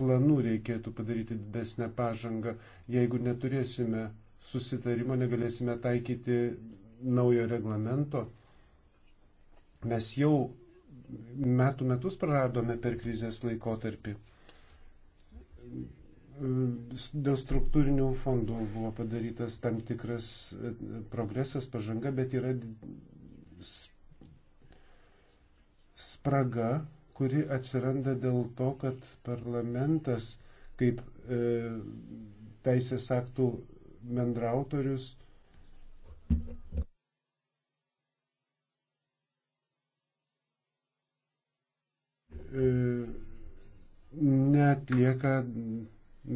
Speaker 3: planų reikėtų padaryti didesnę pažangą. Jeigu neturėsime susitarimo, negalėsime taikyti naujo reglamento. Mes jau metų metus praradome per krizės laikotarpį. Dėl struktūrinių fondų buvo padarytas tam tikras e, progresas, pažanga, bet yra spraga kuri atsiranda dėl to, kad parlamentas kaip e, teisės aktų bendrautorius e, netlieka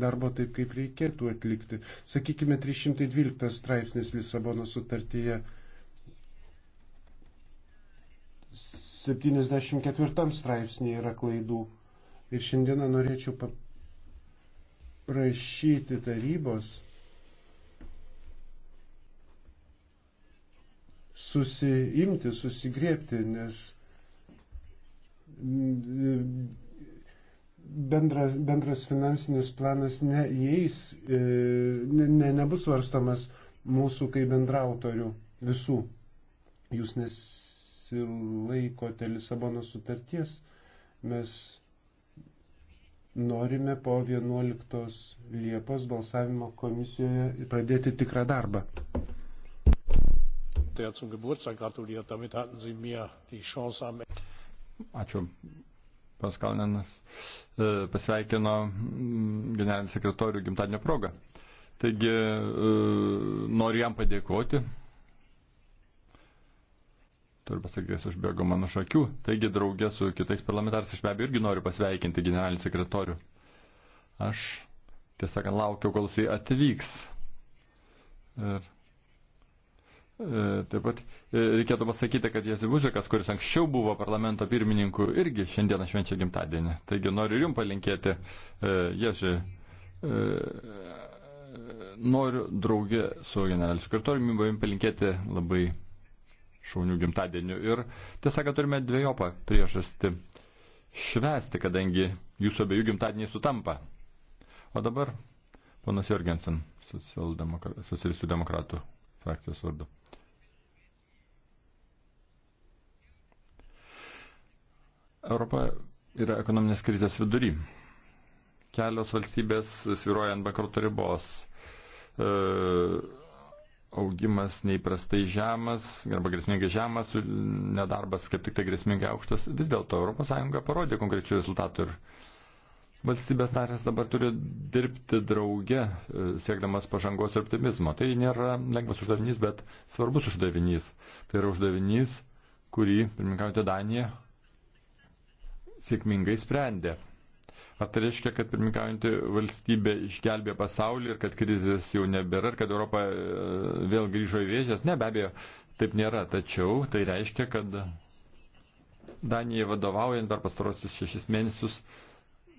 Speaker 3: darbo taip, kaip reikėtų atlikti. Sakykime, 312 straipsnis Lisabono sutartyje 74 straipsnėje yra klaidų. Ir šiandieną norėčiau paprašyti tarybos susiimti, susigrėpti, nes bendras, bendras finansinis planas neįeis, e, ne, ne, nebus varstomas mūsų kaip bendrautorių visų. Jūs nes nesilaikote Lisabono sutarties, mes norime po 11 Liepos balsavimo komisijoje pradėti tikrą darbą.
Speaker 1: Ačiū. Paskalnenas e, pasveikino mm, generalinį sekretorių gimtadienio progą. Taigi e, noriu jam padėkoti turiu pasakyti, jis užbėgo mano šakių. Taigi, draugė su kitais parlamentarais, aš be abejo irgi noriu pasveikinti generalinį sekretorių. Aš, tiesą sakant, laukiau, kol jisai atvyks. Ir e, Taip pat e, reikėtų pasakyti, kad Jėzė Buzikas, kuris anksčiau buvo parlamento pirmininku, irgi šiandieną švenčia gimtadienį. Taigi noriu ir jums palinkėti, e, Jėzė, noriu draugė su generaliniu sekretoriumi, jums palinkėti labai šaunių gimtadienių. Ir tiesą, kad turime dviejopą priežastį švesti, kadangi jūsų abiejų gimtadieniai sutampa. O dabar ponas Jorgensen, socialistų demokratų frakcijos vardu. Europa yra ekonominės krizės vidury. Kelios valstybės sviruoja ant bankroto ribos. E, augimas neįprastai žemas arba grėsmingai žemas, nedarbas kaip tik tai grėsmingai aukštas. Vis dėlto ES parodė konkrečių rezultatų ir valstybės narės dabar turi dirbti drauge, e, siekdamas pažangos ir optimizmo. Tai nėra lengvas uždavinys, bet svarbus uždavinys. Tai yra uždavinys, kurį, pirmininkaujate, Danija sėkmingai sprendė. Ar tai reiškia, kad pirmininkaujanti valstybė išgelbė pasaulį ir kad krizės jau nebėra ir kad Europa e, vėl grįžo į vėžės? Ne, be abejo, taip nėra. Tačiau tai reiškia, kad Danijai vadovaujant per pastarosius šešis mėnesius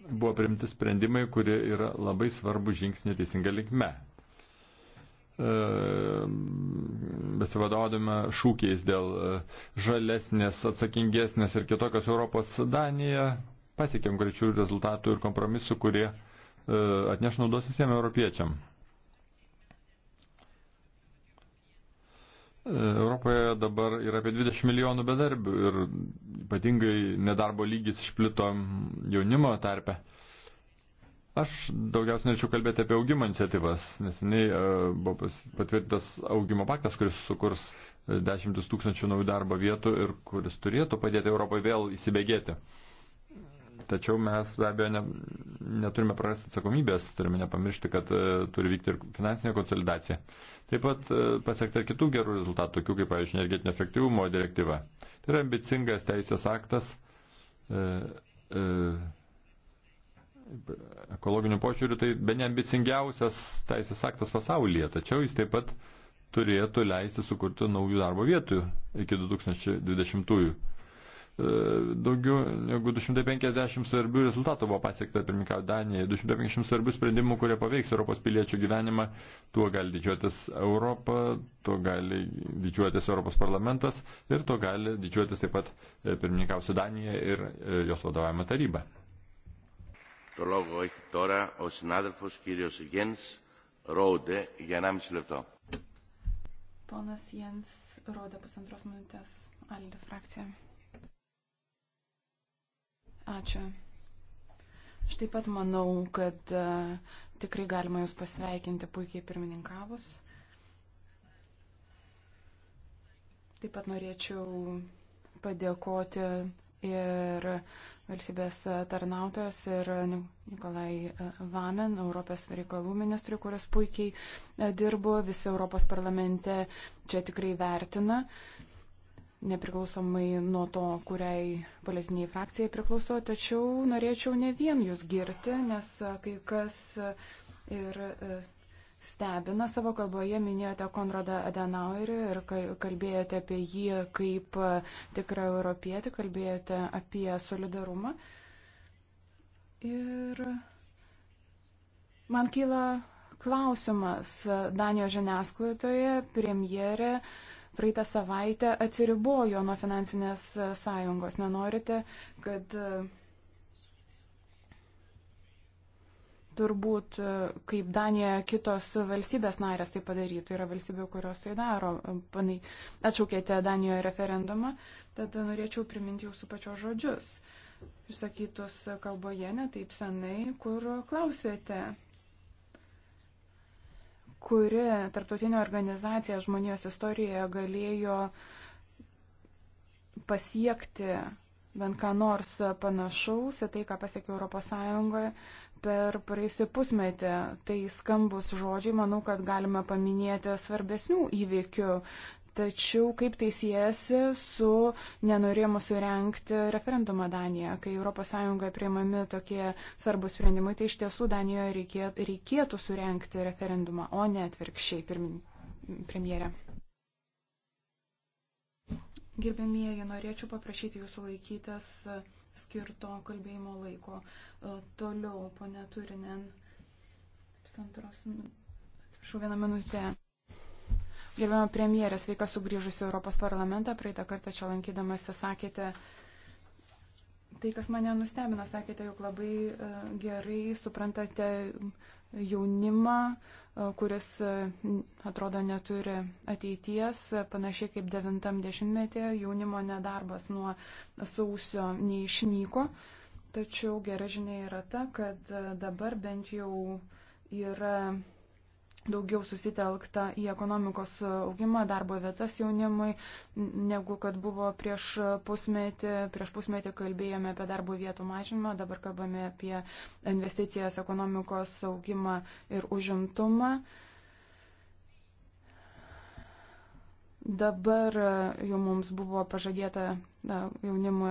Speaker 1: buvo primti sprendimai, kurie yra labai svarbu žingsnė teisinga linkme. E, Besivadovodami šūkiais dėl žalesnės, atsakingesnės ir kitokios Europos Danija pasiekėm greičių rezultatų ir kompromisų, kurie e, atneš naudos visiems europiečiam. E, Europoje dabar yra apie 20 milijonų bedarbių ir ypatingai nedarbo lygis išplito jaunimo tarpe. Aš daugiausiai norėčiau kalbėti apie augimo iniciatyvas, nes jinai e, buvo patvirtintas augimo paktas, kuris sukurs dešimtis tūkstančių naujų darbo vietų ir kuris turėtų padėti Europai vėl įsibėgėti. Tačiau mes be abejo ne, neturime prarasti atsakomybės, turime nepamiršti, kad e, turi vykti ir finansinė konsolidacija. Taip pat e, pasiekta ir kitų gerų rezultatų, tokių kaip, pavyzdžiui, energetinio efektyvumo direktyva. Tai yra ambicingas teisės aktas. E, e, ekologinių požiūrių tai be neambicingiausias teisės aktas pasaulyje, tačiau jis taip pat turėtų leisti sukurti naujų darbo vietų iki 2020-ųjų. E, daugiau negu 250 svarbių rezultatų buvo pasiekta pirmininkau Danijai, 250 svarbių sprendimų, kurie paveiks Europos piliečių gyvenimą, tuo gali didžiuotis Europa, tuo gali didžiuotis Europos parlamentas ir tuo gali didžiuotis taip pat e, pirmininkausiu Danija ir e, jos vadovavimo
Speaker 3: taryba. Το λόγο έχει τώρα ο συνάδελφος
Speaker 1: κύριος Γιένς Ρόουντε για 1,5 λεπτό.
Speaker 4: Πόνας Γιένς Ρόουντε, πουσαντρός μινούτες, άλλη φράξια. Ačiū. Aš taip pat manau, kad e, tikrai galima Jūs pasveikinti puikiai pirmininkavus. Taip pat norėčiau padėkoti ir valstybės tarnautojas ir Nikolai e, Vamen, Europos reikalų ministrui, kuris puikiai e, dirbo, visi Europos parlamente čia tikrai vertina. Uh, nepriklausomai nuo to, kuriai politiniai frakcijai priklauso, tačiau norėčiau ne vien jūs girti, nes e, kai kas e, ir e, stebina savo kalboje, minėjote Konradą Adenauerį ir kalbėjote apie jį kaip tikrą europietį, kalbėjote apie solidarumą. Ir man kyla klausimas Danijos žiniasklaidoje premjerė praeitą savaitę atsiribojo nuo finansinės e, sąjungos. Nenorite, kad e, turbūt e, kaip Danija kitos valstybės narės tai padarytų, yra valstybių, kurios tai daro, panai, atšaukėte Danijoje referendumą, tad norėčiau priminti jūsų pačios žodžius, išsakytus kalboje netaip senai, kur klausėte kuri tarptautinė organizacija žmonijos istorijoje galėjo pasiekti bent ką nors panašaus į tai, ką pasiekė ES per praeisį pusmetį. Tai skambus žodžiai, manau, kad galime paminėti svarbesnių įvykių. Tačiau kaip tai siejasi su nenorėjimu surenkti referendumą Daniją, kai ES priimami tokie svarbus sprendimai, tai iš tiesų Danijoje reikėtų, reikėtų surenkti referendumą, o ne atvirkščiai, premjerė. Gerbėmieji, norėčiau paprašyti jūsų laikytis skirto kalbėjimo laiko. E, toliau, ponė Turinen, pusantros, atsiprašau, vieną minutę. Gerbiamą premjerę, sveika sugrįžusi Europos parlamentą. Praeitą kartą čia lankydamasi sakėte, tai kas mane nustebino, sakėte, jog labai e, gerai suprantate jaunimą, e, kuris e, atrodo neturi ateities, panašiai kaip 90-metėje jaunimo nedarbas nuo sausio neišnyko. Tačiau gera žinia yra ta, kad dabar bent jau yra daugiau susitelkta į ekonomikos augimą, darbo vietas jaunimui, negu kad buvo prieš pusmetį. Prieš pusmetį kalbėjome apie darbo vietų mažinimą, dabar kalbame apie investicijas, ekonomikos augimą ir užimtumą. Uh, Dabar e, jau mums buvo pažadėta e, jaunimo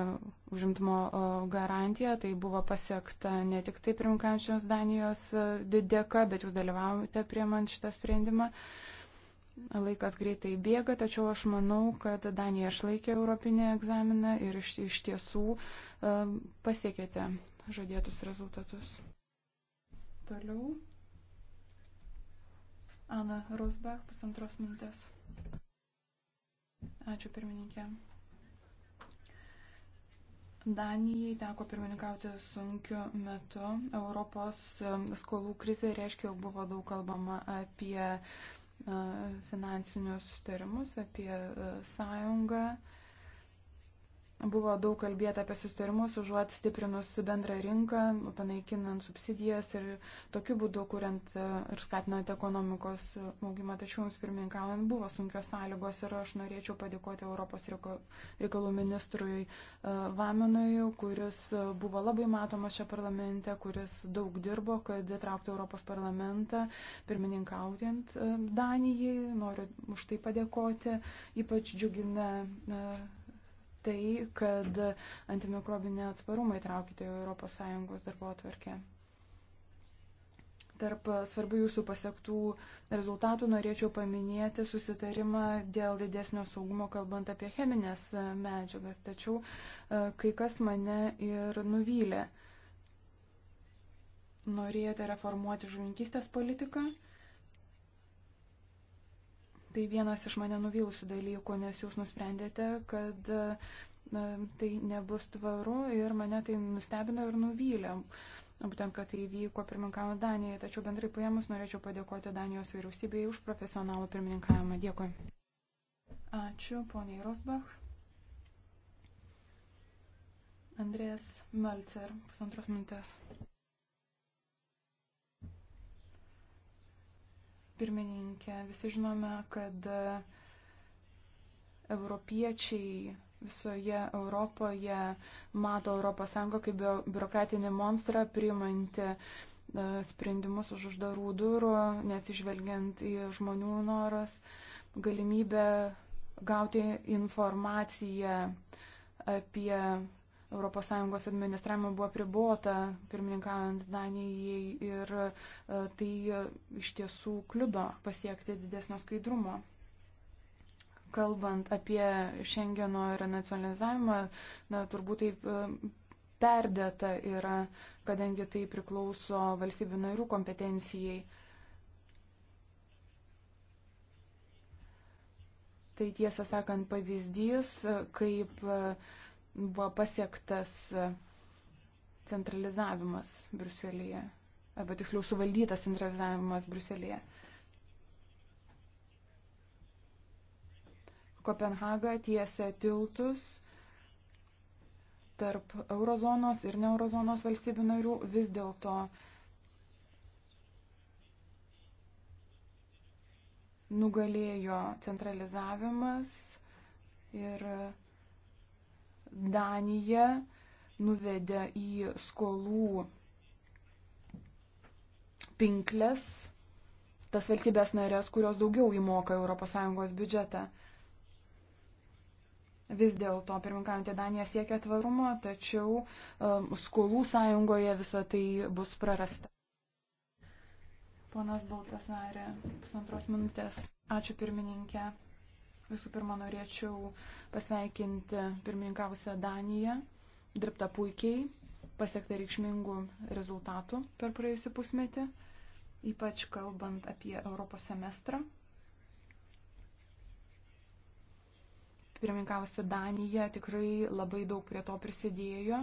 Speaker 4: užimtumo e, garantija, tai buvo pasiekta ne tik tai primkančios Danijos dėka, bet jūs dalyvavote priemant šitą sprendimą. Laikas greitai bėga, tačiau aš manau, kad Danija išlaikė Europinį egzaminą ir iš, iš tiesų pasiekėte žadėtus rezultatus. Toliau. Ana Rosbach, pusantros minutės. Ačiū pirmininkė. Danijai teko pirmininkauti sunkiu metu. Europos um, skolų krizė reiškia, jau buvo daug kalbama apie uh, finansinius sustarimus, apie uh, sąjungą. Buvo daug kalbėta apie sustarimus, užuot stiprinus bendrą rinką, panaikinant subsidijas ir tokiu būdu kuriant e, ir skatinant ekonomikos e, augimą. Tačiau jums pirmininkaujant buvo sunkios sąlygos ir aš norėčiau padėkoti Europos reikalų ministrui e, Vamenui, kuris buvo labai matomas čia parlamente, kuris daug dirbo, kad įtrauktų Europos parlamentą pirmininkaujant Danijai. Noriu už tai padėkoti. Ypač džiugina tai, kad antimikrobinę atsparumą įtraukite į ES darbo atvarkę. Tarp svarbių jūsų pasiektų rezultatų norėčiau paminėti susitarimą dėl didesnio saugumo, kalbant apie cheminės medžiagas, tačiau e, kai kas mane ir nuvylė. Norėjote reformuoti žuvinkystės politiką, Tai vienas iš mane nuvylusių dalykų, nes jūs nusprendėte, kad na, tai nebus tvaru ir mane tai nustebino ir nuvylė. Būtent, kad tai vyko pirmininkavimo Danijai, tačiau bendrai paėmus norėčiau padėkoti Danijos vyriausybėje už profesionalų pirmininkavimą. Dėkui. Ačiū, poniai Rosbach. Andrės Melcer, pusantros minutės. pirmininkė. Visi žinome, kad e, europiečiai visoje Europoje mato ES kaip biurokratinį monstrą priimanti e, sprendimus už uždarų durų, neatsižvelgiant į žmonių noras, galimybę gauti informaciją apie ES administravimo buvo pribota pirmininkaujant Danijai ir e, tai e, iš tiesų kliudo pasiekti didesnio skaidrumo. Kalbant apie Schengeno renacionalizavimą, na, turbūt taip e, perdėta yra, kadangi tai priklauso valstybių narių kompetencijai. Tai tiesą sakant pavyzdys, kaip uh, buvo pasiektas centralizavimas Bruselėje, arba tiksliau suvaldytas centralizavimas Bruselėje. Kopenhaga tiesia tiltus tarp eurozonos ir neurozonos valstybių narių vis dėlto nugalėjo centralizavimas ir Danija nuvedė į skolų pinklės tas valstybės narės, kurios daugiau įmoka ES biudžetą. Vis dėlto, pirmininkaujantė Danija siekia tvarumo, tačiau um, skolų sąjungoje visa tai bus prarasta. Ponas Baltasarė, pusantros minutės. Ačiū pirmininkė. Visų pirma, norėčiau pasveikinti pirmininkavusią Daniją, dirbta puikiai, pasiekta reikšmingų rezultatų per praėjusią pusmetį, ypač kalbant apie Europos semestrą. Pirmininkavusi Danija tikrai labai daug prie to prisidėjo.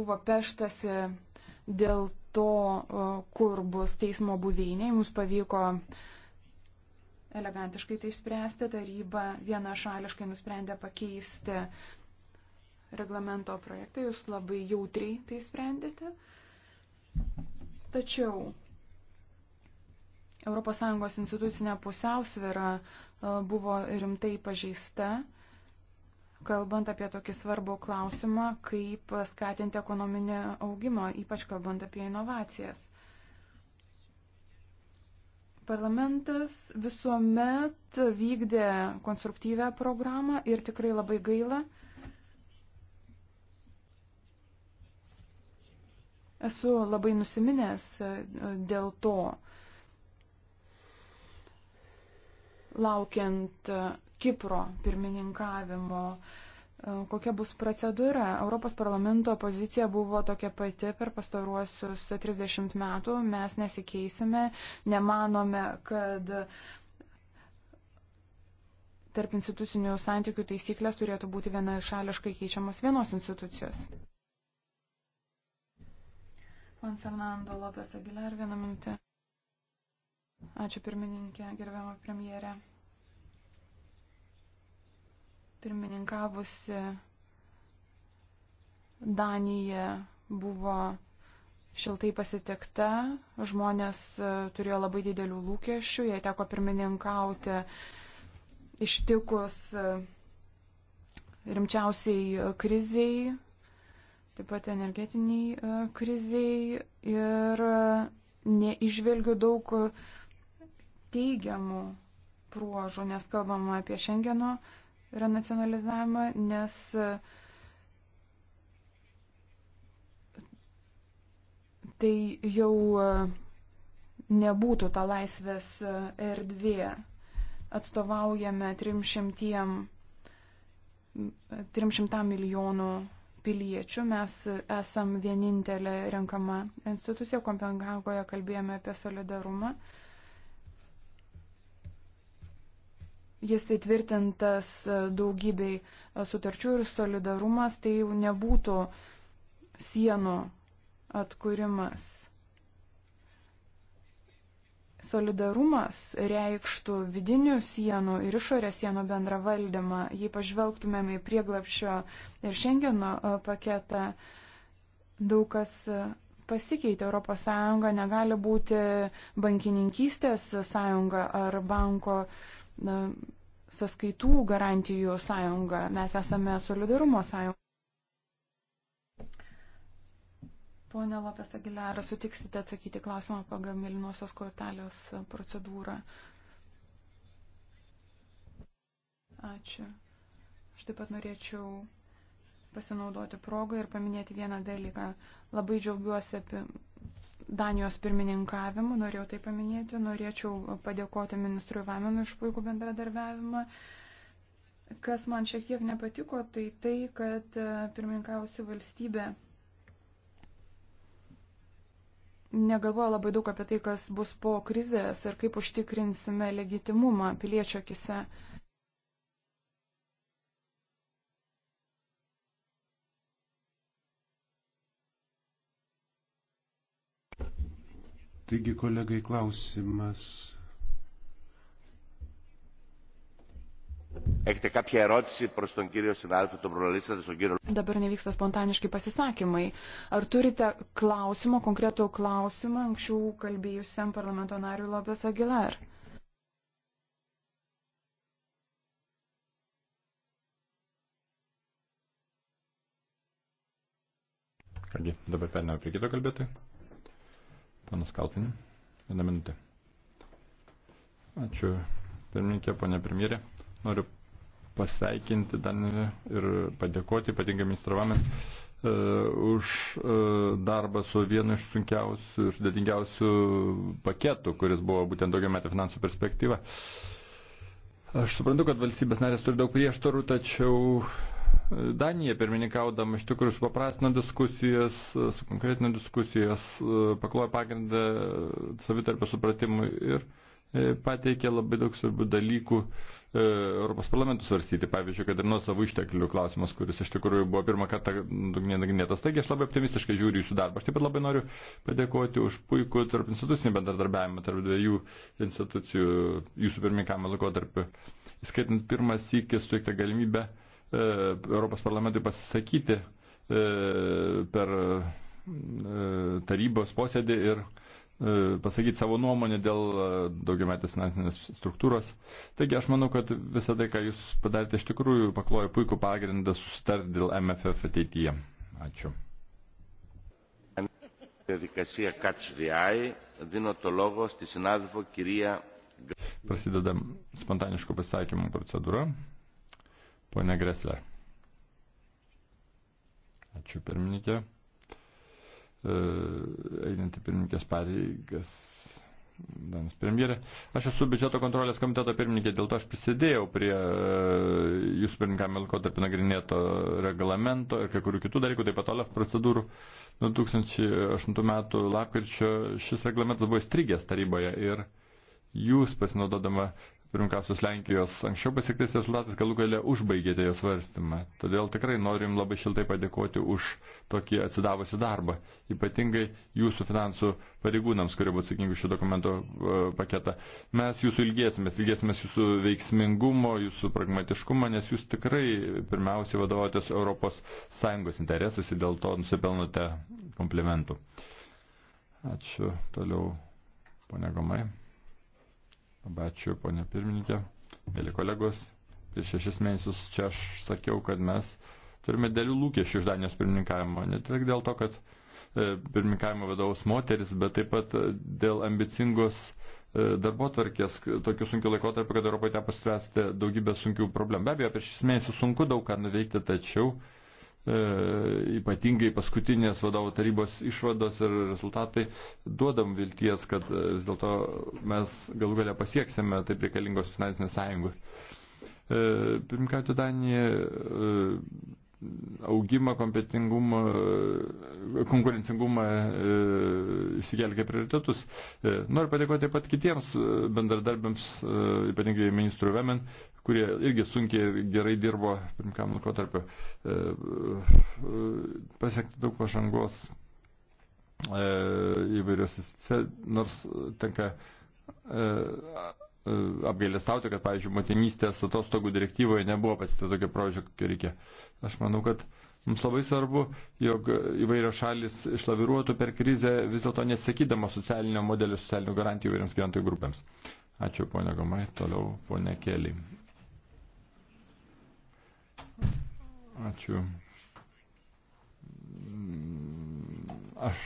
Speaker 4: Buvo peštasi dėl to, e, kur bus teismo buveinė. Mums pavyko elegantiškai tai spręsti. Taryba vienašališkai nusprendė pakeisti reglamento projektą. Jūs labai jautriai tai sprendėte. Tačiau ES institucinė pusiausvėra e, buvo rimtai pažeista kalbant apie tokį svarbų klausimą, kaip skatinti ekonominį augimą, ypač kalbant apie inovacijas. Parlamentas visuomet vykdė konstruktyvę programą ir tikrai labai gaila. Esu labai nusiminęs e, dėl to, laukiant e, Kipro pirmininkavimo. E, kokia bus procedūra? Europos parlamento pozicija buvo tokia pati per pastaruosius 30 metų. Mes nesikeisime, nemanome, kad tarp institucinių santykių taisyklės turėtų būti viena šališkai keičiamos vienos institucijos. Man Fernando Lopes Aguilar, vieną minutę. Ačiū pirmininkė, gerbiama premjerė pirmininkavusi Danija buvo šiltai pasitikta, žmonės e, turėjo labai didelių lūkesčių, jie teko pirmininkauti ištikus e, rimčiausiai e, kriziai, taip pat energetiniai kriziai ir neižvelgiu daug teigiamų bruožų, nes kalbama apie Šengeno renacionalizavimą, nes tai jau e, nebūtų ta laisvės e, erdvė. Atstovaujame 300, 300 milijonų piliečių, mes esam vienintelė renkama institucija, Kopenhagoje kalbėjome apie solidarumą. Uh, jis įtvirtintas e, daugybei e, sutarčių ir solidarumas, tai jau nebūtų sienų atkūrimas. Solidarumas reikštų vidinių sienų ir išorės sienų bendrą valdymą. Jei pažvelgtumėme į prieglapšio ir šengeno e, paketą, daug kas pasikeitė Europos Sąjunga, negali būti bankininkystės sąjunga ar banko na, saskaitų garantijų sąjunga, mes esame solidarumo sąjunga. Pone Lopes Agilera, sutiksite atsakyti klausimą pagal mėlynosios kortelės procedūrą. Ačiū. Aš taip pat norėčiau pasinaudoti progą ir paminėti vieną dalyką. Labai džiaugiuosi Danijos pirmininkavimu, norėjau tai paminėti, norėčiau padėkoti ministrui Vamenui iš puikų bendradarbiavimą. Kas man šiek tiek nepatiko, tai tai, kad e, pirmininkavusi valstybė negalvoja labai daug apie tai, kas bus po krizės ir kaip užtikrinsime legitimumą piliečio akise. Uh,
Speaker 3: Taigi, kolegai, klausimas. Έχετε κάποια ερώτηση προς τον κύριο συνάδελφο, τον προλαλήσατε στον κύριο.
Speaker 4: Dabar nevyksta spontaniški pasisakymai. Ar turite klausimą, konkretų klausimą anksčiau kalbėjusiam parlamento nariui Lopes Aguilar?
Speaker 1: Kągi, dabar periname prie kito kalbėtojų. Panas Kaltinė, vieną minutę. Ačiū, pirmininkė, ponė premjerė. Noriu pasveikinti Danivę ir padėkoti ypatingai ministravame uh, e, už uh, darbą su vienu iš sunkiausių ir sudėtingiausių paketų, kuris buvo būtent daugia metų finansų perspektyva. Aš suprantu, kad valstybės narės turi daug prieštarų, tačiau uh, Danija pirmininkaudama iš tikrųjų supaprastino diskusijas, sukonkretino diskusijas, paklojo pagrindą savitarpio supratimui ir e, pateikė labai daug svarbių dalykų e, Europos parlamentų svarstyti, pavyzdžiui, kad ir nuo savo išteklių klausimas, kuris iš tikrųjų buvo pirmą kartą nagrinėtas. Taigi aš labai optimistiškai žiūriu jūsų darbą. Aš taip pat labai noriu padėkoti už puikų tarp institucinį bendradarbiavimą tarp dviejų institucijų jūsų pirmininkavimo laikotarpiu, įskaitant pirmą sykį suteiktą galimybę uh, E, Europos parlamentui pasisakyti e, per e, tarybos posėdį ir pasakyti savo nuomonę dėl daugiametės finansinės struktūros. Taigi aš manau, kad visą tai, ką jūs padarėte, iš tikrųjų pakloja puikų pagrindą susitarti dėl MFF ateityje. Ačiū.
Speaker 3: Διαδικασία Κατσουδιάη. Δίνω το λόγο στη συνάδελφο κυρία.
Speaker 1: Prasideda spontaniško pasakymo procedūra. Pone Gresler. Ačiū pirmininkė. E, Einant į pirmininkės pareigas, danas premjerė. Aš esu biudžeto kontrolės komiteto pirmininkė, dėl to aš prisidėjau prie e, jūsų pirmininkam laikotarpį nagrinėto reglamento ir kai kurių kitų dalykų, taip pat OLEF procedūrų. Nuo 2008 metų lapkričio šis reglamentas buvo įstrigęs taryboje ir jūs pasinaudodama pirmkausios Lenkijos anksčiau pasiektas rezultatas galų gale užbaigėte jos svarstymą. Todėl tikrai norim labai šiltai padėkoti už tokį atsidavusių darbą, ypatingai jūsų finansų pareigūnams, kurie buvo atsakingi šio dokumento e, paketą. Mes jūsų ilgėsimės, ilgėsimės jūsų veiksmingumo, jūsų pragmatiškumo, nes jūs tikrai pirmiausiai vadovotės ES interesais ir dėl to nusipelnote komplimentų. Ačiū. Toliau, ponia Gomai. Labai ačiū, ponė pirmininkė, mėly kolegos. Prieš šešis mėnesius čia aš sakiau, kad mes turime dėlių lūkesčių iš Danijos pirmininkavimo. Ne tik dėl to, kad e, pirmininkavimo vadovaus moteris, bet taip pat e, dėl ambicingos e, darbo tvarkės tokių sunkių laikotarpių, kad Europoje teko spręsti daugybę sunkių problemų. Be abejo, prieš šešis mėnesius sunku daug ką nuveikti, tačiau uh, E, ypatingai paskutinės vadovo tarybos išvados ir rezultatai duodam vilties, kad e, vis dėlto mes galų galę pasieksime taip reikalingos finansinės sąjungos. E, Pirmkauti Danija augimą, kompetingumą, konkurencingumą įsikelgia prioritetus. Noriu padėkoti taip pat kitiems bendradarbiams, ypatingai ministrui Vemen, kurie irgi sunkiai ir gerai dirbo pirmkam laikotarpiu, e, e, pasiekti daug pažangos e, įvairios, nors tenka apgailestauti, kad, pavyzdžiui, motinystės atostogų direktyvoje nebuvo pasitė tokio prožio, kokio reikia. Aš manau, kad mums labai svarbu, jog įvairios šalis išlaviruotų per krizę, vis dėlto nesakydama socialinio modelio, socialinių garantijų įvairiams gyventojų grupėms. Ačiū, ponia Gomai, toliau ponia Keliai. Ačiū. Aš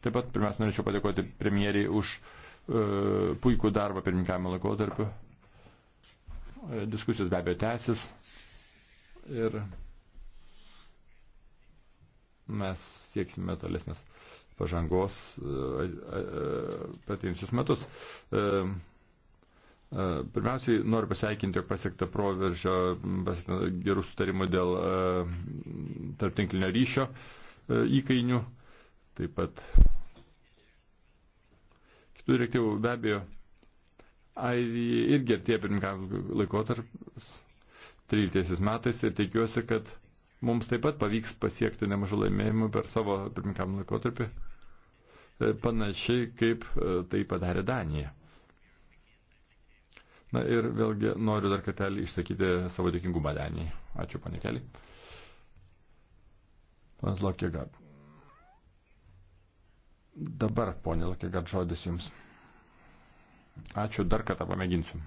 Speaker 1: taip pat pirmiausia norėčiau padėkoti premjeriai už e, puikų darbą pirmininkavimo laikotarpiu. E, diskusijos be abejo tęsis. Ir mes sieksime tolesnės pažangos e, e, per metus. E, E, pirmiausiai noriu pasveikinti pasiektą proveržio, pasiektą gerų sutarimų dėl e, tarptinklinio ryšio e, įkainių. Taip pat kitų direktyvų be abejo. Airija irgi artėja pirmininkavimo laikotarpis 13 metais ir tikiuosi, kad mums taip pat pavyks pasiekti nemažų laimėjimų per savo pirmininkavimo laikotarpį, panašiai kaip tai padarė Danija. Na ir vėlgi noriu dar kartelį išsakyti savo dėkingumą Danijai. Ačiū, ponė Kelį. Panas Lokėgard. Dabar, ponė Lokėgard, žodis jums. Ačiū, dar kartą pamėginsiu.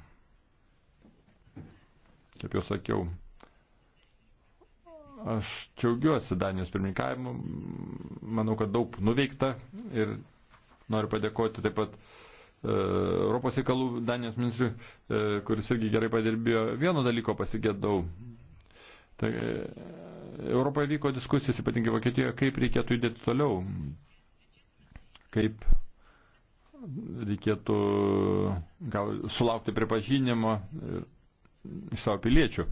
Speaker 1: Kaip jau sakiau, aš džiaugiuosi Danijos pirmininkavimu. Manau, kad daug nuveikta ir noriu padėkoti taip pat uh, Europos reikalų Danijos ministrui, e, kuris irgi gerai padirbėjo, vieno dalyko pasigėdau. Tai, e, Europoje vyko diskusijos, ypatingai Vokietijoje, kaip reikėtų judėti toliau, kaip reikėtų gal, sulaukti pripažinimo e, iš savo piliečių.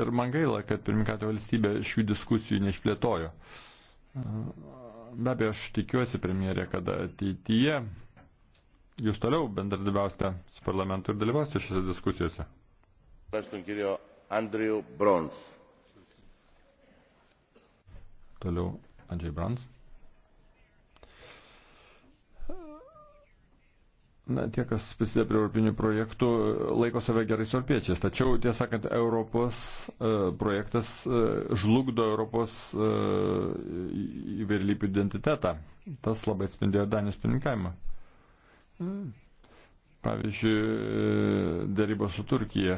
Speaker 1: Ir man gaila, kad pirmikato valstybė šių diskusijų neišplėtojo. Be abejo, aš tikiuosi, premjerė, kad ateityje jūs toliau bendradarbiausite su parlamentu ir dalyvausite šiose diskusijose. Toliau Andžiai Brans. Na, tie, kas prisideda prie europinių projektų, laiko save gerais europiečiais. Tačiau, tiesą sakant, Europos e, projektas e, žlugdo Europos e, įvairlypių identitetą. Tas labai atspindėjo Danijos pininkavimą. E, Pavyzdžiui, e, darybos su Turkija,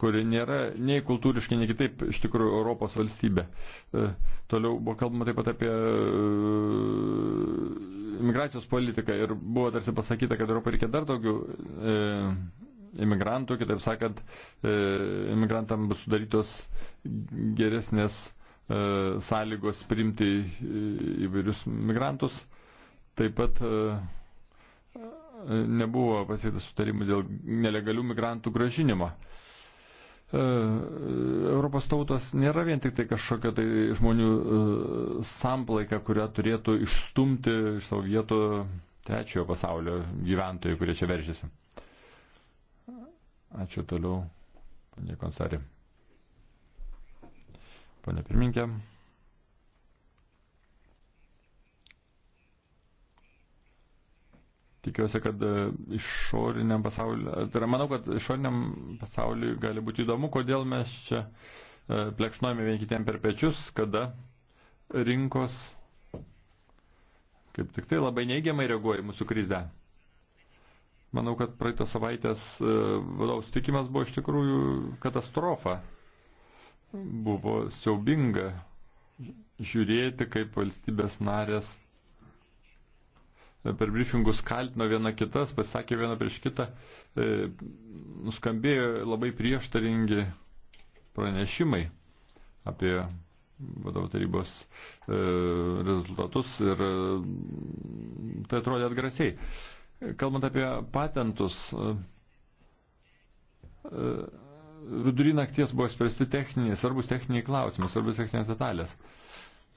Speaker 1: kuri nėra nei kultūriškai, nei kitaip iš tikrųjų Europos valstybė. E, toliau buvo kalbama taip pat apie e, imigracijos politiką ir buvo tarsi pasakyta, kad Europai reikia dar daugiau imigrantų, kitaip sakant, imigrantam bus sudarytos geresnės sąlygos priimti įvairius migrantus. Taip pat nebuvo pasiektas sutarimų dėl nelegalių migrantų gražinimo. E, Europos tautos nėra vien tik tai kažkokia tai žmonių e, samplaika, kurią turėtų išstumti iš savo vietų trečiojo pasaulio gyventojai, kurie čia veržiasi. Ačiū toliau, panė Konsari. Pane pirminkė. tikiuosi, kad e, išoriniam pasauliu, tai yra manau, kad išoriniam pasauliu gali būti įdomu, kodėl mes čia e, plekšnojame vien kitiem per pečius, kada rinkos kaip tik tai labai neigiamai reaguoja mūsų krizę. Manau, kad praeitos savaitės e, vadovų sutikimas buvo iš tikrųjų katastrofa. Buvo siaubinga žiūrėti, kaip valstybės narės per briefingus kaltino viena kitas, pasakė viena prieš kitą, e, nuskambėjo labai prieštaringi pranešimai apie vadovų tarybos e, rezultatus ir e, tai atrodė atgrasiai. Kalbant apie patentus, e, e, vidurį nakties buvo spręsti techniniai, svarbus techniniai klausimai, svarbus techninės detalės.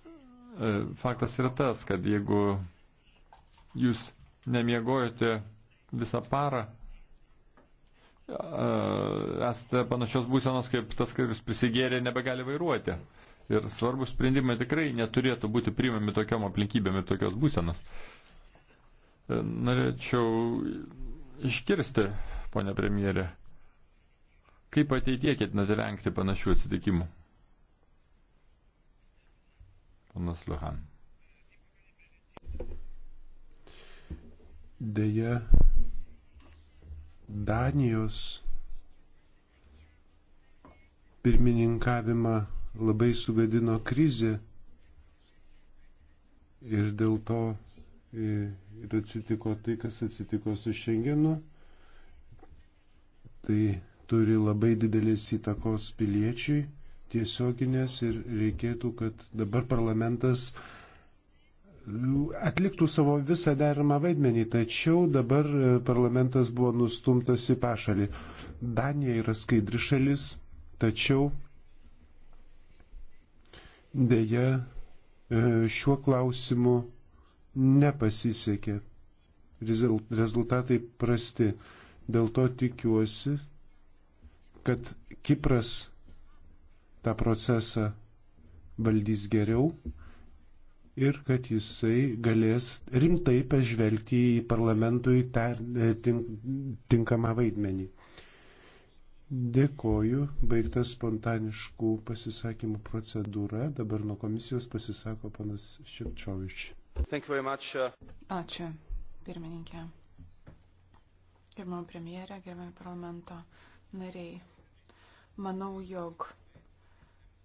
Speaker 1: E, faktas yra tas, kad jeigu jūs nemiegojote visą parą, esate panašios būsenos, kaip tas, kuris prisigėrė ir nebegali vairuoti. Ir svarbus sprendimai tikrai neturėtų būti priimami tokiam aplinkybėm ir tokios būsenos. E, norėčiau iškirsti, ponia premjerė, kaip ateitie ketinate vengti panašių atsitikimų.
Speaker 3: Ponas Luhan. Deja, Danijos pirmininkavimą labai sugadino krizė ir dėl to e, ir atsitiko tai, kas atsitiko su Šengenu. Tai turi labai didelės įtakos piliečiui tiesioginės ir reikėtų, kad dabar parlamentas atliktų savo visą deramą vaidmenį, tačiau dabar e, parlamentas buvo nustumtas į pašalį. Danija yra skaidri šalis, tačiau dėja e, šiuo klausimu nepasisekė. Rezultatai prasti. Dėl to tikiuosi, kad Kipras tą procesą valdys geriau ir kad jisai galės rimtai pažvelgti į parlamentui ter, e, tinkamą vaidmenį. Dėkoju, baigta spontaniškų pasisakymų procedūra. Dabar nuo komisijos pasisako panas Šepčiovič.
Speaker 4: Uh, Ačiū, pirmininkė. Gerbiamą premjerę, gerbiamą parlamento nariai. Manau, jog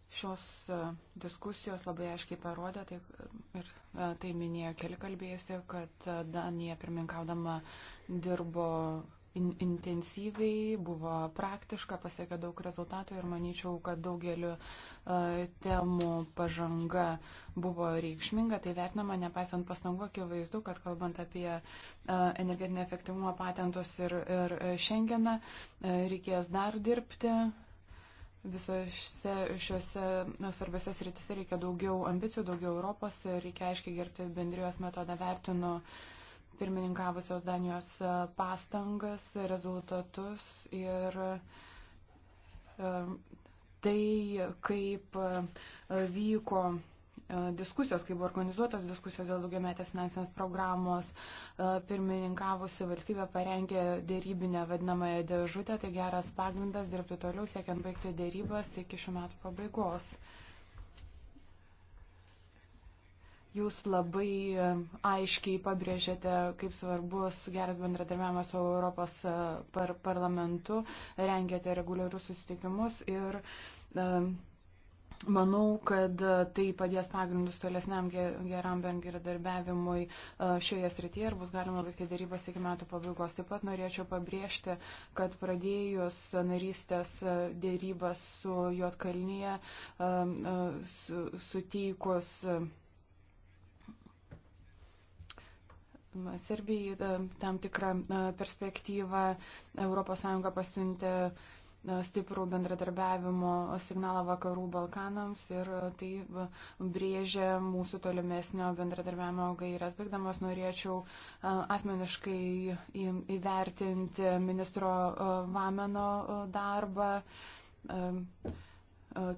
Speaker 4: Šios e, diskusijos labai aiškiai parodė, tai, e, ir e, tai minėjo keli kalbėjusi, kad Danija pirmininkaudama dirbo in, intensyviai, buvo praktiška, pasiekė daug rezultatų ir manyčiau, kad daugeliu uh, temų pažanga buvo reikšminga. Tai vertinama, nepaisant pastangų, akivaizdu, kad kalbant apie uh, energetinį efektyvumą, patentus ir, ir šiandieną, uh, reikės dar dirbti visose šiuose svarbiose sritise reikia daugiau ambicijų, daugiau Europos, reikia aiškiai gerbti bendrijos metodą vertinu pirmininkavusios Danijos e, pastangas, rezultatus ir e, tai, kaip e, vyko E, diskusijos, kai buvo organizuotos diskusijos dėl daugiametės finansinės programos, e, pirmininkavusi valstybė parengė dėrybinę vadinamąją dėžutę, tai geras pagrindas dirbti toliau, siekiant baigti dėrybas iki šių metų pabaigos. Jūs labai aiškiai pabrėžėte, kaip svarbus geras bendradarbiavimas su Europos e, par parlamentu, rengėte reguliarius susitikimus ir uh, Manau, kad e, tai padės pagrindus tolesniam geram bendradarbiavimui e, šioje srityje ir bus galima baigti darybas iki metų pabaigos. Taip pat norėčiau pabrėžti, kad pradėjus narystės e, darybas su Jotkalnyje, suteikus Serbijai tam tikrą perspektyvą, ES pasiuntė stiprų bendradarbiavimo signalą vakarų Balkanams ir tai brėžia mūsų tolimesnio bendradarbiavimo gairias. Baigdamas norėčiau asmeniškai įvertinti ministro Vameno darbą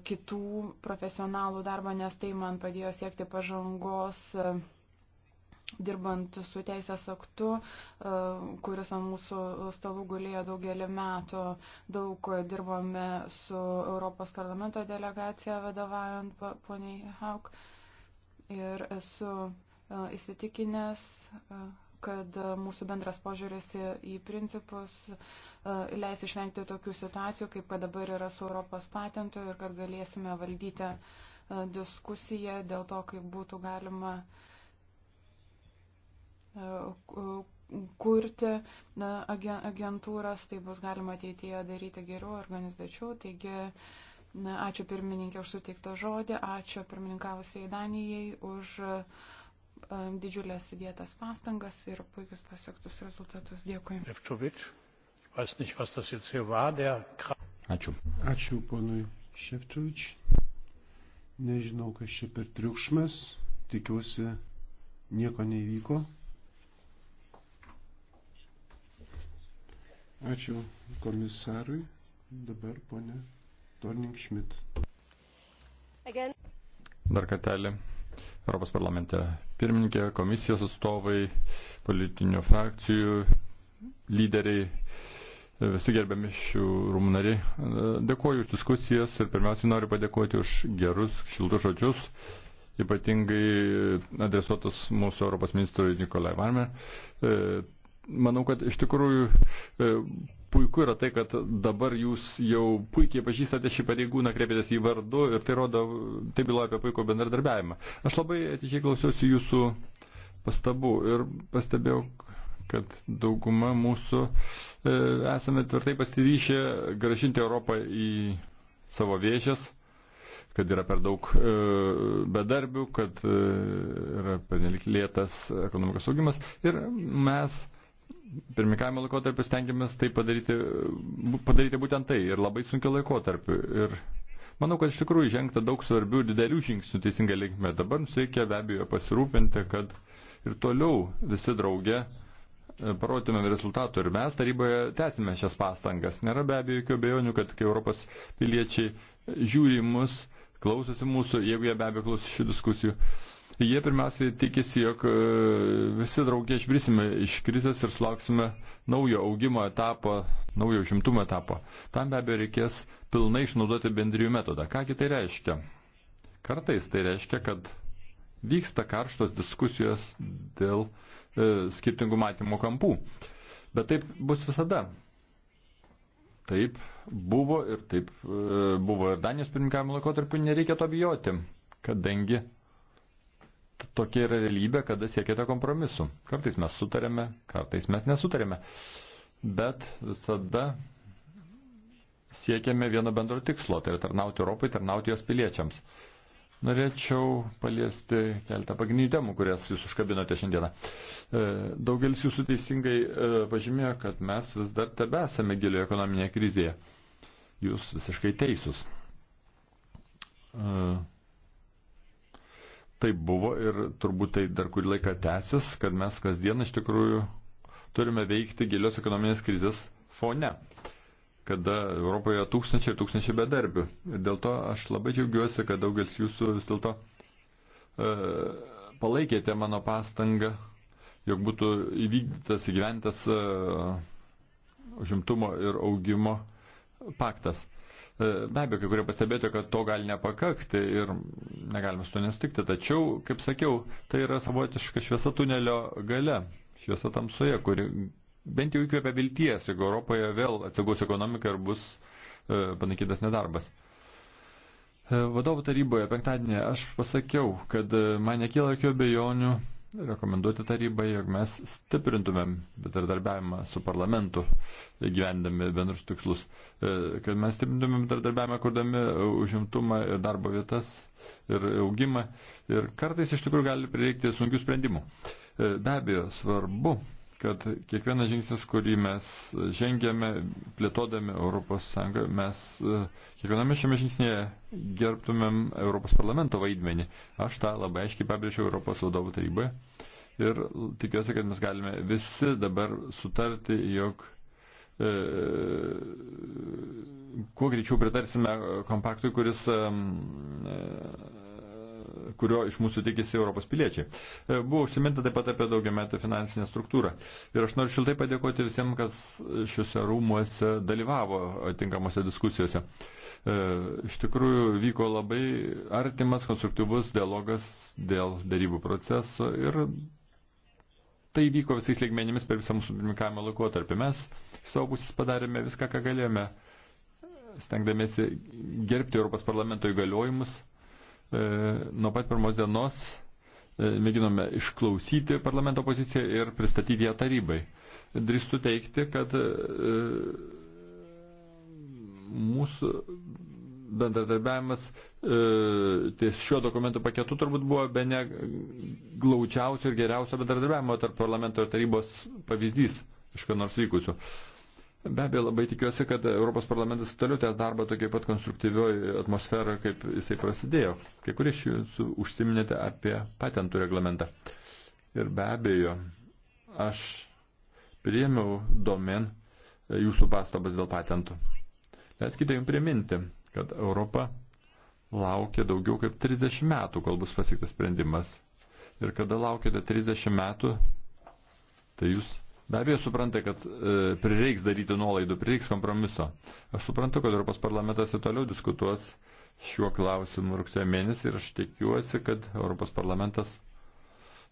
Speaker 4: kitų profesionalų darbą, nes tai man padėjo siekti pažangos dirbant su teisės aktu, e, kuris ant mūsų stalų gulėjo daugelį metų. Daug dirbome su Europos parlamento delegacija vadovaujant poniai Hauk. Ir esu e, įsitikinęs, e, kad mūsų bendras požiūris į principus leis išvengti tokių situacijų, kaip kad dabar yra su Europos patentu ir kad galėsime valdyti diskusiją dėl to, kaip būtų galima uh, E, kurti na, agentūras, tai bus galima ateityje daryti geriau, organizuočiau. Taigi, na, ačiū pirmininkė už suteiktą žodį, ačiū pirmininkavusiai Danijai už um, didžiulės įdėtas pastangas ir puikius pasiektus rezultatus. Dėkui.
Speaker 3: Ačiū. Ačiū ponui Šefčovič. Nežinau, kas čia per triukšmas. Tikiuosi, nieko nevyko. Ačiū komisarui. Dabar ponė Torning Šmit. Dar
Speaker 1: kartelį. Europos parlamente pirmininkė, komisijos atstovai, politinių frakcijų lyderiai, visi gerbiami šių rūmų nariai. Dėkuoju už diskusijas ir pirmiausiai noriu padėkoti už gerus, šiltus žodžius, ypatingai adresuotus mūsų Europos ministrui Nikolai Varmer manau, kad iš tikrųjų e, puiku yra tai, kad dabar jūs jau puikiai pažįstate šį pareigūną, kreipėtės į vardu ir tai rodo, tai bylo apie puikų bendradarbiavimą. Aš labai atidžiai klausiausi jūsų pastabų ir pastebėjau, kad dauguma mūsų e, esame tvirtai pasiryšę gražinti Europą į savo vėžės kad yra per daug e, bedarbių, kad yra pernelik lėtas ekonomikos augimas. Ir mes pirmikavimo laikotarpiu stengiamės tai padaryti, padaryti būtent tai ir labai sunkiu laikotarpiu. Ir manau, kad iš tikrųjų žengta daug svarbių ir didelių žingsnių teisingai linkme. Dabar mums reikia be abejo pasirūpinti, kad ir toliau visi drauge e, parodytumėm rezultatų ir mes taryboje tęsime šias pastangas. Nėra be abejo jokių bejonių, kad kai Europos piliečiai žiūri mus, klausosi mūsų, jeigu jie be abejo klausosi šių diskusijų, Jie pirmiausiai tikisi, jog e, visi draugiai išbrisime iš krizės ir sulauksime naujo augimo etapo, naujo užimtumo etapo. Tam be abejo reikės pilnai išnaudoti bendrijų metodą. Kągi tai reiškia? Kartais tai reiškia, kad vyksta karštos diskusijos dėl e, skirtingų matymo kampų. Bet taip bus visada. Taip buvo ir taip e, buvo ir Danijos pirmininkavimo laikotarpiu, nereikia to bijoti, kadangi tokia yra realybė, kada siekite kompromisu. Kartais mes sutarėme, kartais mes nesutarėme. Bet visada siekiame vieno bendro tikslo, tai yra tarnauti Europai, tarnauti jos piliečiams. Norėčiau paliesti keltą pagrindinių temų, kurias jūs užkabinote šiandieną. E, daugelis jūsų teisingai e, pažymėjo, kad mes vis dar tebe esame gilioje ekonominėje krizėje. Jūs visiškai teisūs. E, Taip buvo ir turbūt tai dar kurį laiką tęsis, kad mes kasdien iš tikrųjų turime veikti gilios ekonominės krizės fone, kada Europoje tūkstančiai ir tūkstančiai bedarbių. Ir dėl to aš labai džiaugiuosi, kad daugelis jūsų vis dėlto e, palaikėte mano pastangą, jog būtų įvykdytas įgyventas e, užimtumo ir augimo paktas. E, be abejo, kai kurie pastebėjote, kad to gali nepakakti ir negalime su to nestikti. Tačiau, kaip sakiau, tai yra savotiška šviesa tunelio gale, šviesa tamsoje, kuri bent jau įkvėpia vilties, jeigu Europoje vėl atsigaus ekonomika ir bus e, panaikytas nedarbas. E, vadovų taryboje penktadienį aš pasakiau, kad man nekyla jokių bejonių rekomenduoti tarybai, jog mes stiprintumėm bendradarbiavimą su parlamentu, gyvendami bendrus tikslus, e, kad mes stiprintumėm bendradarbiavimą, kurdami užimtumą ir darbo vietas ir augimą. Ir kartais iš tikrųjų gali prireikti sunkių sprendimų. E, be abejo, svarbu kad kiekvienas žingsnis, kurį mes žengėme, plėtodami Europos Sąjungą, mes e, kiekviename šiame žingsnėje gerbtumėm Europos parlamento vaidmenį. Aš tą labai aiškiai pabrėžiau Europos vadovų taryboje ir tikiuosi, kad mes galime visi dabar sutarti, jog e, kuo greičiau pritarsime kompaktui, kuris e, kurio iš mūsų tikisi Europos piliečiai. E, buvo užsiminta taip pat apie daugia metą finansinę struktūrą. Ir aš noriu šiltai padėkoti visiems, kas šiuose rūmuose dalyvavo atinkamose diskusijose. E, iš tikrųjų vyko labai artimas, konstruktyvus dialogas dėl darybų proceso ir tai vyko visais lygmenimis per visą mūsų pirmininkavimo laikotarpį. Mes savo pusės padarėme viską, ką galėjome, stengdamėsi gerbti Europos parlamento įgaliojimus E, nuo pat pirmos dienos e, mėginome išklausyti parlamento poziciją ir pristatyti ją tarybai. Drįstu teikti, kad e, mūsų bendradarbiavimas ties šiuo dokumentų paketu turbūt buvo be ne glaučiausio ir geriausio bendradarbiavimo tarp parlamento ir tarybos pavyzdys iš ko nors vykusio. Be abejo, labai tikiuosi, kad Europos parlamentas toliau tęs darbą tokiai pat konstruktyvioji atmosfera, kaip jisai prasidėjo. Kai kurie iš jūsų užsiminėte apie patentų reglamentą. Ir be abejo, aš priėmiau domen jūsų pastabas dėl patentų. Leiskite jums priminti, kad Europa laukia daugiau kaip 30 metų, kol bus pasiektas sprendimas. Ir kada laukite 30 metų, tai jūs Be abejo, supranta, kad e, prireiks daryti nuolaidų, prireiks kompromiso. Aš suprantu, kad Europos parlamentas ir toliau diskutuos šiuo klausimu rugsėjo mėnesį ir aš tikiuosi, kad Europos parlamentas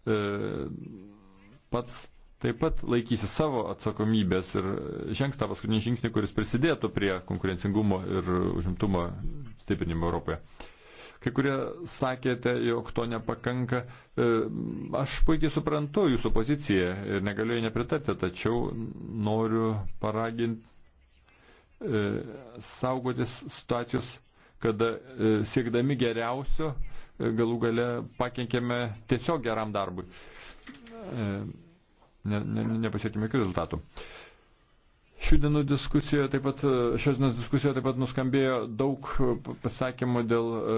Speaker 1: e, pats taip pat laikysi savo atsakomybės ir žengs tą paskutinį žingsnį, kuris prisidėtų prie konkurencingumo ir užimtumo stiprinimo Europoje. Kai kurie sakėte, jog to nepakanka. E, aš puikiai suprantu jūsų poziciją ir negaliu jai nepritarti, tačiau noriu paraginti e, saugotis situacijos, kada e, siekdami geriausio galų gale pakenkėme tiesiog geram darbui. Ne, ne, nepasiekime jokių rezultatų. Uh, Šių dienų diskusijoje taip pat, šios dienos diskusijoje taip pat nuskambėjo daug pasakymų dėl e,